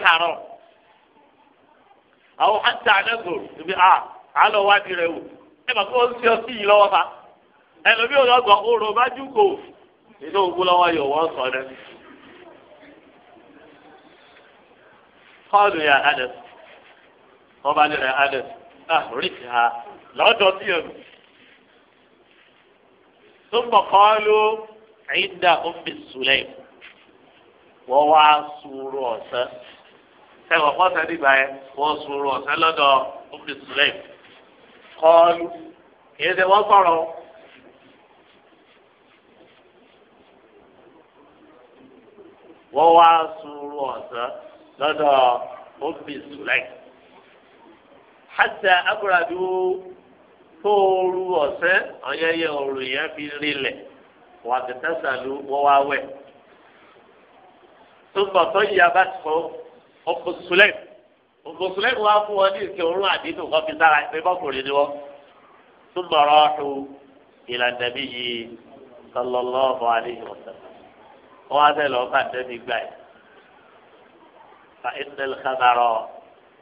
àwọn àti àdẹ́gò ibi a àlọ́ wádìí rẹ̀ wò ẹ bá kó sí ọtí yìí lọ́wọ́ fa ẹlòmíì ò lọ́gbọ̀n oró bá jùkò inú ogun lọ́wọ́ yọ wọ́n sọ dẹ́. kọ́ọ̀lù yà adẹ́s wọ́n nílẹ̀ ha lọ́dọ̀ tó ń bọ̀ kọ́ọ̀lù ẹ̀yìn dà ó fi wọ́n wá sùúrù ẹwọ kọsẹ nígbà yẹn wọn sọ̀rọ̀ ọsẹ lọ́dọ̀ ọmọdé sùlẹ kọlu kì í ṣe wọn sọ̀rọ̀ wọn wá sọ̀rọ̀ ọsẹ lọ́dọ̀ ọmọdé sùlẹ hasa aguradu tóoru ọsẹ ọyẹyẹ ọrùn yẹn fi rilẹ̀ wàtẹtẹsàlú wọn wá wẹ tó gbọtọ yìí abatọ ọkọ sùlẹm ọkọ sùlẹm wa fún wọn ní ìkẹ òórùn àdínù kan fi sára pé bọkùnrin ni wọn tún bọrọ ọtún ìlànà bí yìí sallallahu alaihi wasallam wọn wá bẹ lọọ bá dẹbi gbà yìí fa innal khabara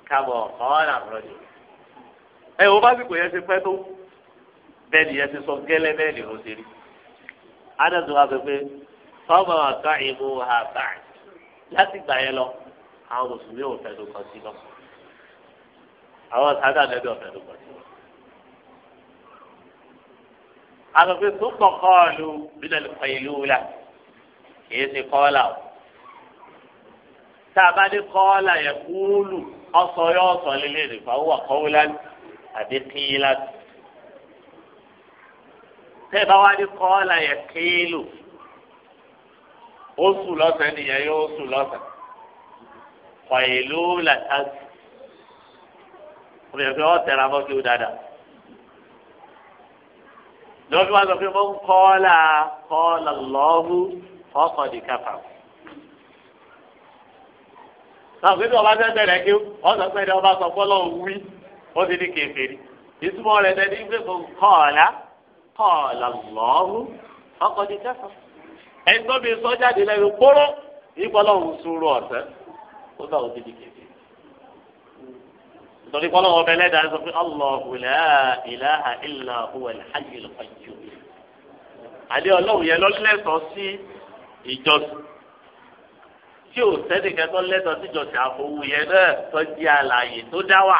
kábọ ọ̀nà rọjò ẹ wọ́n bá sì kò yẹ ṣe pẹ́ tó bẹ́ẹ̀ ni yẹ ṣe sọ gẹ́lẹ́ bẹ́ẹ̀ ni ó ṣe rí adàtú wa pé pé fọmọ àká ìmú àbá láti gbà yẹn lọ àwọn mùsùlùmí ò fẹ́ẹ́ dùkọ̀ sí lọ àwọn sáadà nẹ́bí ò fẹ́ẹ́ dùkọ̀ sí lọ. àgbègbè tó pọ̀ kọ́ọ̀lù bílẹ̀ lùkọ́ ìlú la kìí ṣe kọ́ọ̀là o tá a kọ́ọ̀là yẹ kúlù ọ̀sọ̀ yọ ọ̀sọ̀ lílé nìkan ó wà kọ́ọ̀là àbí kíyìlá tẹ́ wá dé kọ́ọ̀là yẹ kílù ó lọ́sẹ̀ nìyẹn yóò sùn lọ́sẹ̀ pẹ̀lú làtàkì obìnrin pé wọ́n tẹ̀ra mọ́ kí ó dáadáa lọ́wọ́ bí wọ́n sọ pé la, ń kọ́ọ́lá kọ́ọ́lá lọ́ọ́hù ọkọ̀ di kápá. náà pé tí ọba fẹ́ bẹ̀rẹ̀ kí wọ́n sọ pé ẹni ọba sọ fọ́lọ́ wí ó ti di kèfèrí ìtumọ̀ rẹ̀ dẹ́ni pé mo ń kọ́ọ́lá kọ́ọ́lá lọ́ọ́hù ọkọ̀ di kápá. ẹni tó bí sọ́jà dé lẹ́nu kóró ìpọ́lọ́hùn sùúrù ọ̀sẹ̀ ó gbà wọ́n ti di kẹ̀kẹ́. nítorí pé ọlọ́wọ́ bẹ lẹ́dàá sọ pé Allahu la ilaha illa huwal hayyul qayyum. àdé ọlọ́run yẹn lọ́lẹ́tọ̀ sí ìjọsìn tí ò sẹ́nìkan tó lẹ́tọ̀ sí ìjọsìn àfọwù yẹn náà tó di àlàyé tó dá wà.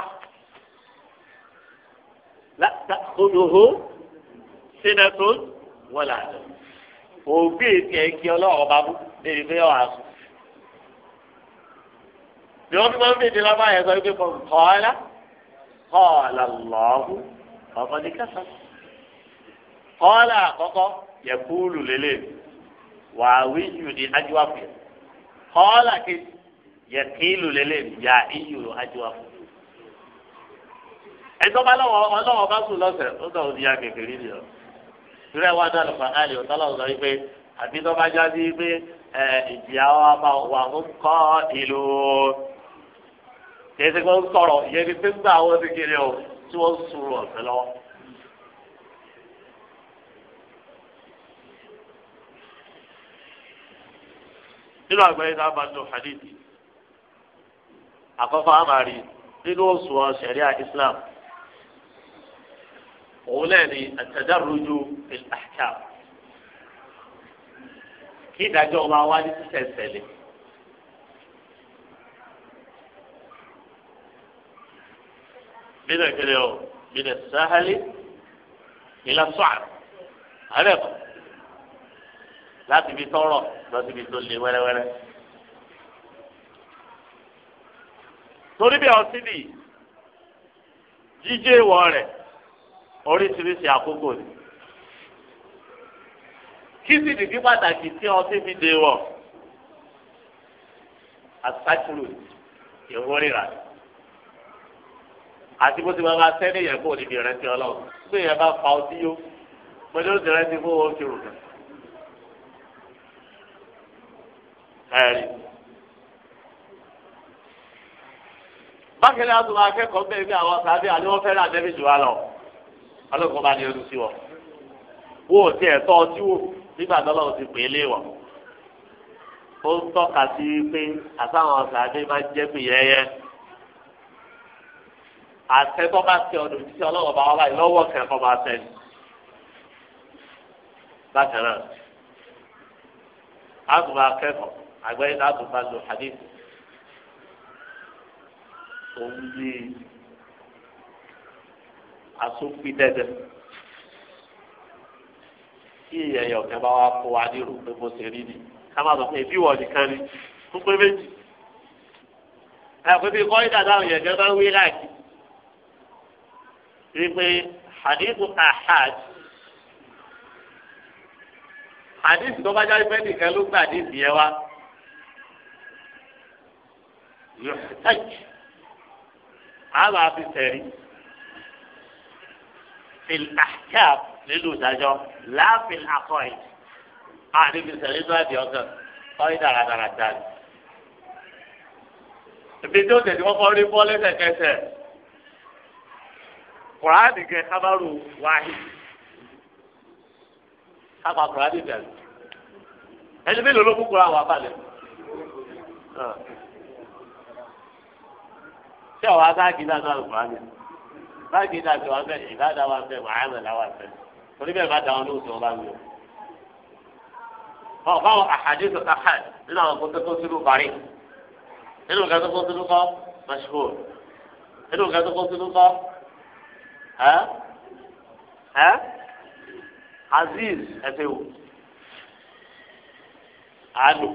látàkùnúhó sínú tó wọ́n là òbí ètí ẹ̀ kí ọlọ́run ọba mú débi fẹ́ ọ̀ ni wọ́n fi máa ń fi ìdílé ọba yẹn sọ wípé kọ́ ọ̀la kọ́ọ̀lá lọ́ọ̀hún ọ̀pọ̀ ní kẹsà kọ́ọ̀lá àkọ́kọ́ yẹ kúlù lélẹ̀ wàá wíyù ní ajíwáfù yẹn kọ́ọ̀lá kejì yẹ kílù lélẹ̀ yà iyù ajíwáfù. ẹ̀tọ́ bá lọ́wọ́ ọlọ́wọ́ bá sùn lọ́sẹ̀ ó sọ òdi ya kẹfẹ́ rí nìyọ. ìrẹ́ wa dá lọ́kàn áàlì ọ̀tọ́ lọ́wọ́ sọ wípé àbí tó bá já wípé ìjìyà wa máa wà ń kọ́ ìlú kì í ṣe kó ń sọ̀rọ̀ ìyẹn ni pé gbà wọ́n ti kiri o tí wọ́n ń sùúrù ọ̀sẹ̀ lọ́wọ́. nínú àgbáyé náà máa ń lo àkọ́kọ́ àmàrí nínú oṣù ṣẹ̀ríà Islam òun náà ni àtẹ̀dárújú ìlàkà kí ìdájọ́ máa wá ní sísẹ̀sẹ̀lẹ̀. من ìpínlẹ̀ من السهل إلى ìlà sọ́à لا تبي láti لا تبي lọ ولا ولا tó le wẹ́rẹ́wẹ́rẹ́. torí bí ọtí nì jíjẹ́ ìwọ rẹ̀ oríṣiríṣi àkókò ni kí sì nìdí pàtàkì tí ọtí fi ni àti bó ti máa ma sẹ́ni yẹn kó níbi ìrẹsì ọlọ́run tó yẹn bá fa ọtí yó pẹ̀lú ìrẹsì fún owó kiri kan. ẹ̀rí. bákẹ́lẹ́ àtúntò akẹ́kọ̀ọ́ bẹ́ẹ̀ bí àwọn sábẹ́ àníwọ́n fẹ́ rà nẹ́bí jù wá lọ ọlọ́kọ̀ bá ní olú sí wọn. wo ò tiẹ̀ tọ́ ọtí wò nígbà tó lọ́wọ́ ti pè é léwọ̀. ó ń tọ́ka sí pé àtàwọn sábẹ́ máa ń jẹ́ àṣẹ tó bá ṣe ọdún títí ọlọ́wọ́ bá wà báyìí lọ́wọ́ kẹ́ kọ́ bá ṣe ni. bákan náà a tún máa kẹ́kọ̀ọ́ àgbẹ̀yìn náà tún máa lo hadith òun ní asófin dẹ́dẹ́ tí ìyẹ̀yẹ̀ ọ̀kẹ́ bá wá kó wa nírò pé mo ṣe rí ni ká má sọ pé ìbí wọ̀ nìkan ni fún pé méjì. ẹ̀ pé bí kọ́ ìdàdà òyìnbó bá ń wí láàkì wípé hadithu ahad hadith tó bá jáde pé nìkan ló gba hadith yẹn wá yuhtaj a máa fi tẹ̀rí fil ahkam nínú ìdájọ́ láàfin àkọ́yì a ní fi tẹ̀rí tó àdìẹ ọ̀sán ọ̀yìn dáradára dáa. ibi tó tẹ̀sí wọ́n kọ́ rí bọ́ lẹ́sẹ̀kẹsẹ̀ kùránì kẹ kábàrò wáhì kápá kùránì dàlú ẹni mélòó ló kú kùránì wà balẹ̀ ah. ṣé àwọn agáàgì náà náà kùránì báàgì náà ti wà ń bẹ ìbáda wà ń bẹ wàhánà náà wà ń bẹ torí bẹ́ẹ̀ bá da wọn lóòótọ́ bá wí o. ọ̀ báwọn àhàdé tó tàhà nínú àwọn kótó ẹ ẹ aziz ẹsẹ wò àlò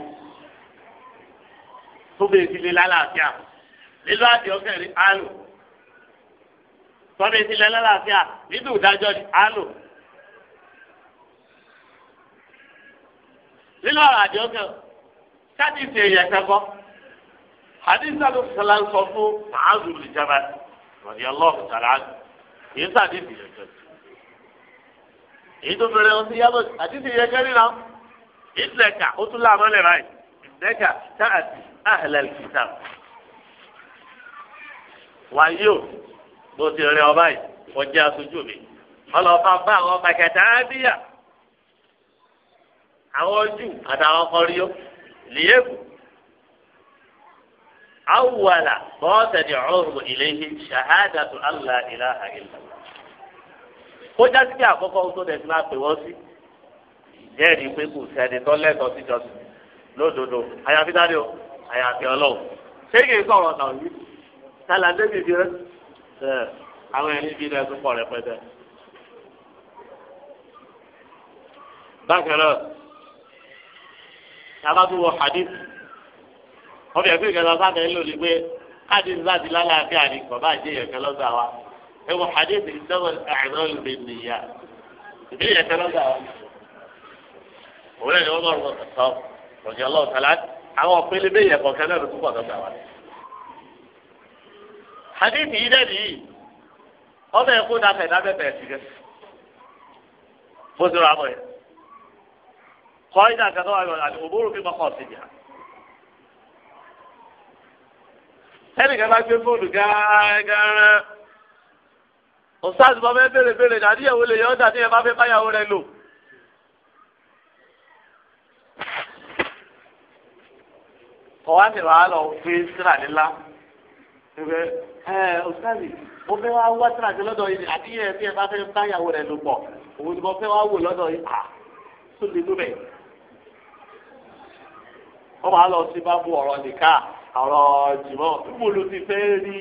tó bẹ ìdílé lálàáfíà nínú àdìẹ ọkẹrin àlò tọ́lá ìdílé lálàáfíà nínú ìdájọ́ ni àlò. nínú ọ̀rọ̀ àdìẹ ọkẹrin sáàtì ìsè èèyàn kẹ́kọ̀ọ́ àdìsá ló sọlá ń sọ fún màálù kì í sàdídì yẹkẹ èyí tó bẹ̀rẹ̀ ohun tí yàtọ̀ àdídì yẹkẹ nínú ìtìlẹkà ó tún láàmú ẹlẹ ráì ìtìlẹkà táàtì àhẹlẹlì kìtà wàyí o bó ti rẹ ọba yìí ọjà aṣojú mi ọlọ́ba bá àwọn ọba kẹta ábíyà àwọn jù àtàwọn ọkọ rí o lìyẹ́kù. awwala bọ́ọ̀tẹ̀ ní ọ̀rùn ìlẹ́yìn ṣahadatu allah ilaha illallah. ó jásí pé àkọ́kọ́ tó dẹ̀ ti máa pè wọ́n sí jẹ́rìí pé kò sẹ́ni tó lẹ́tọ̀ọ́ sí jọ́sìn lódodo àyàfi dáre o àyàfi ọlọ́wọ́ ṣé kìí sọ̀rọ̀ náà yìí tálà débi bí ẹ àwọn ẹni bí rẹ tún pọ̀ rẹpẹtẹ. bákan náà hadith. wọ́n fi ẹ̀kú ìkẹta sábẹ́ ń lò ní pé káàdì ń láti lálàáfíà ni bàbá àjẹ ìyẹ̀kẹ́ lọ́gbà wa ẹ wọ àdéhùn ìdánwò àìrán lè nìyà ìdí ìyẹ̀kẹ́ lọ́gbà wa. òwúrẹ́ ni wọ́n bọ̀ rọ̀ sọ ọ̀jọ̀ ọlọ́ọ̀tàlá àwọn pélé bẹ́ẹ̀ yẹ̀kọ̀ kẹ́lẹ́ rẹ̀ púpọ̀ lọ́gbà wa. àdéhùn yìí dẹ́ nìyí ọbẹ̀ ẹ̀kú dafẹ̀ dábẹ́ bẹ̀ẹ̀ ẹnìkan bá gbé fóònù gángan ọ̀sáàsì bá fẹ́ béèrè béèrè àdíyẹ̀wò lè yọ ọ́dà níyẹn bá fẹ́ báyàwó rẹ lò. ọ̀wá ti wàá lọ fi síra nílá ẹ ẹ ọ̀sáàsì mo fẹ́ wá wá síra sí lọ́dọ̀ yìí àdíyẹ̀ tí ẹ bá fẹ́ báyàwó rẹ lò pọ̀ òun ni mo fẹ́ wá wò lọ́dọ̀ yìí à tó lè lóbẹ̀. wọ́n máa lọ sí bá bu ọ̀rọ̀ nìkan ọ̀rọ̀ jìmọ̀ mo ló ti fẹ́ rí.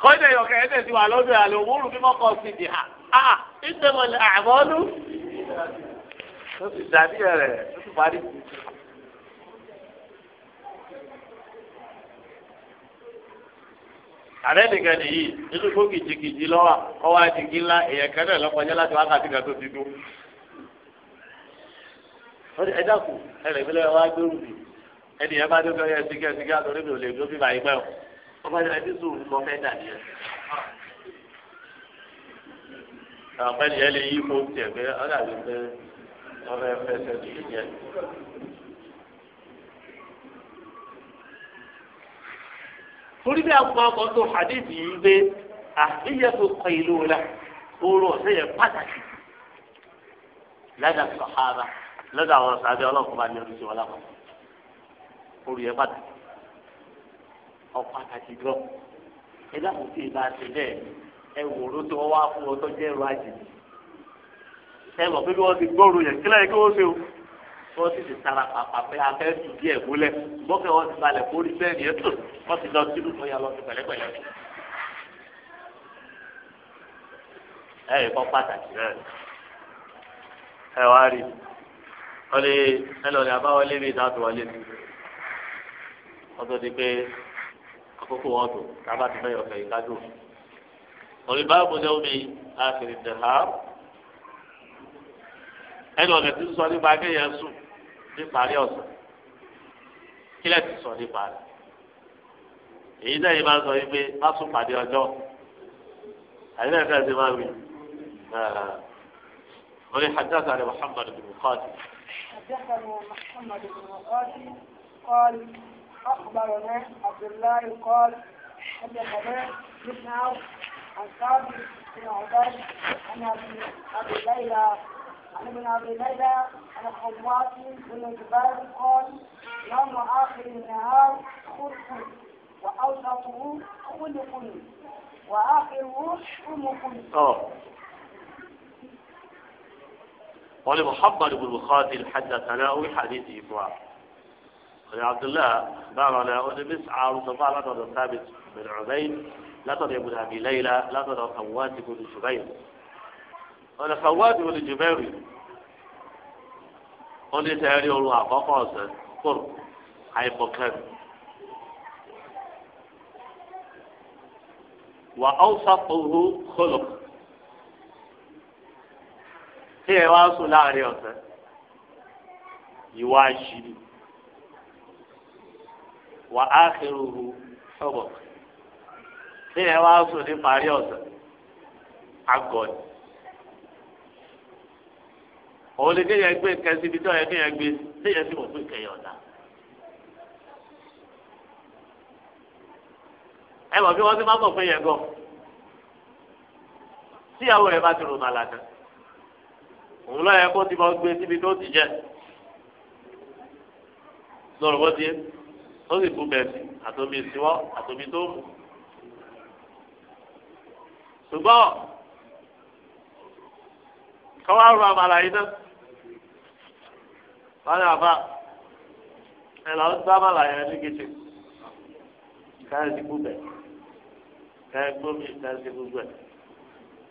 kọ́ńdé yọ̀kẹ́ ẹ̀dẹ̀ ti wà lọ́dọ̀ yà lọ wúrù bí mọ́kọ́ sí di ha ah ìtẹ̀wọ̀lẹ̀ àmọ́lú. ìdàdí rẹ̀ ló ti parí. àrẹ nìkan nìyí nínú kó kìjìkìjì lọ́wọ́ ọwọ́ àdìgí ńlá èèyàn kan náà lọ́kọjá láti wákàtí kan tó ti dún ẹ dákun ẹrẹ ìpínlẹ̀ wa gbẹrù bì ẹni ẹ bá dókè ẹ sìkẹ sìkẹ àtọrí mi ò lè dókè báyìí pẹ o wọn bá yẹ ẹdísù nǹkan fẹẹ dà nìyẹn. àwọn ẹni ẹ lè yí fún tiẹ pé ọ̀dà mi fẹ́ wọ́n fẹ́ fẹ́ sẹ́ni yẹn. torí bí àwọn ọkọ̀ tó hadith yìí gbé àfihàn ah, tó kọ ìlú la oorun ọ̀sẹ̀ yẹn pàtàkì ládàá sọ̀hárà lọ́dọ̀ àwọn sábẹ́ ọlọ́run bá ní oríṣi wọn lápapọ̀ orí ẹ pàtàkì ọ̀pàtàkì gan ẹ dáhùn sí ìbá ṣe bẹ́ẹ̀ ẹ wòró tí wọ́n wá fún ọ tó jẹ́ ẹrù àjèjì ẹ mọ̀ pé bí wọ́n ti gbóòrò yẹn kílẹ̀ kí wọ́n ṣe o wọ́n sì ti tara pàpà pé afẹ́ tù díẹ̀ múlẹ̀ gbọ́kẹ́ wọ́n ti balẹ̀ kórìí bẹ́ẹ̀ yẹn tó wọ́n ti lọ sínú tó yà lọ pẹ̀lẹ́pẹ̀lẹ́. ẹ ẹ kọ́ pàtàkì náà ẹ wá rí i wọlé ẹlọrin abáwọlé bíi dáàtò wọlé mi ọtọ di pé àkókò wọn tó kábà ti fẹ́ yọkẹ yìí kájú òní báàbò ní omi àkèrè dèhà ẹlọrin ti sọ nípa akéèyàn sùn níparí ọ̀sán kílẹ̀ ti sọ nípa rẹ̀ èyí náà yìí máa sọ wípé má sùn pàdé ọjọ́ àyè náà fẹ́ẹ́ ti máa wí. قال حدثنا محمد بن خاتم حدثنا محمد بن القاسم قال أخبرنا عبد الله قال حدثنا بن عوف عن ثابت بن عباد عن أبي ليلى عن ابن أبي ليلى عن حماد بن جبال قال يوم آخر النهار خلق وأوسطه خلق وآخره حمق. ولمحمد بن خاتل حدثنا حديث فوا قال عبد الله بارنا ونمس عارض الله لا تدر ثابت بن عبيد لا تدر ابن أبي ليلى لا تدر خوات بن جبير قال خوات بن جبير قال يتعالي الله فقاسا قرب حيبكر وأوسطه خلق kí ẹ wá sùn láàrin ọ̀sẹ̀ ìwà àṣírí wà á kẹrùrù sọ̀bọ̀ kí ẹ wá sùn ní parí ọ̀sẹ̀ agọ̀ni òun lè kéèyàn gbé nǹkan síbi tó yẹ kéèyàn gbé léyìn sí mọ̀ pé kẹyàn ọ̀dà. ẹ mọ̀ bí wọ́n ti máa mọ̀ pé yẹn gan. tíyàwó rẹ̀ bá ti rò màlà náà òun lọ yẹ kó ti máa gbé síbi tó ti jẹ lọ́rọ̀ bó ti yẹ ó sì bu bẹ̀sì àtòmí ìsíwọ́ àtòmí tó mú ṣùgbọ́n káwá ru àmàlà yìí náà wọn yà bá ẹ lọ sí àmàlà yẹn ní kejì káyọ̀ ti bu bẹ̀ káyọ̀ gbómi káyọ̀ ti bu bẹ̀.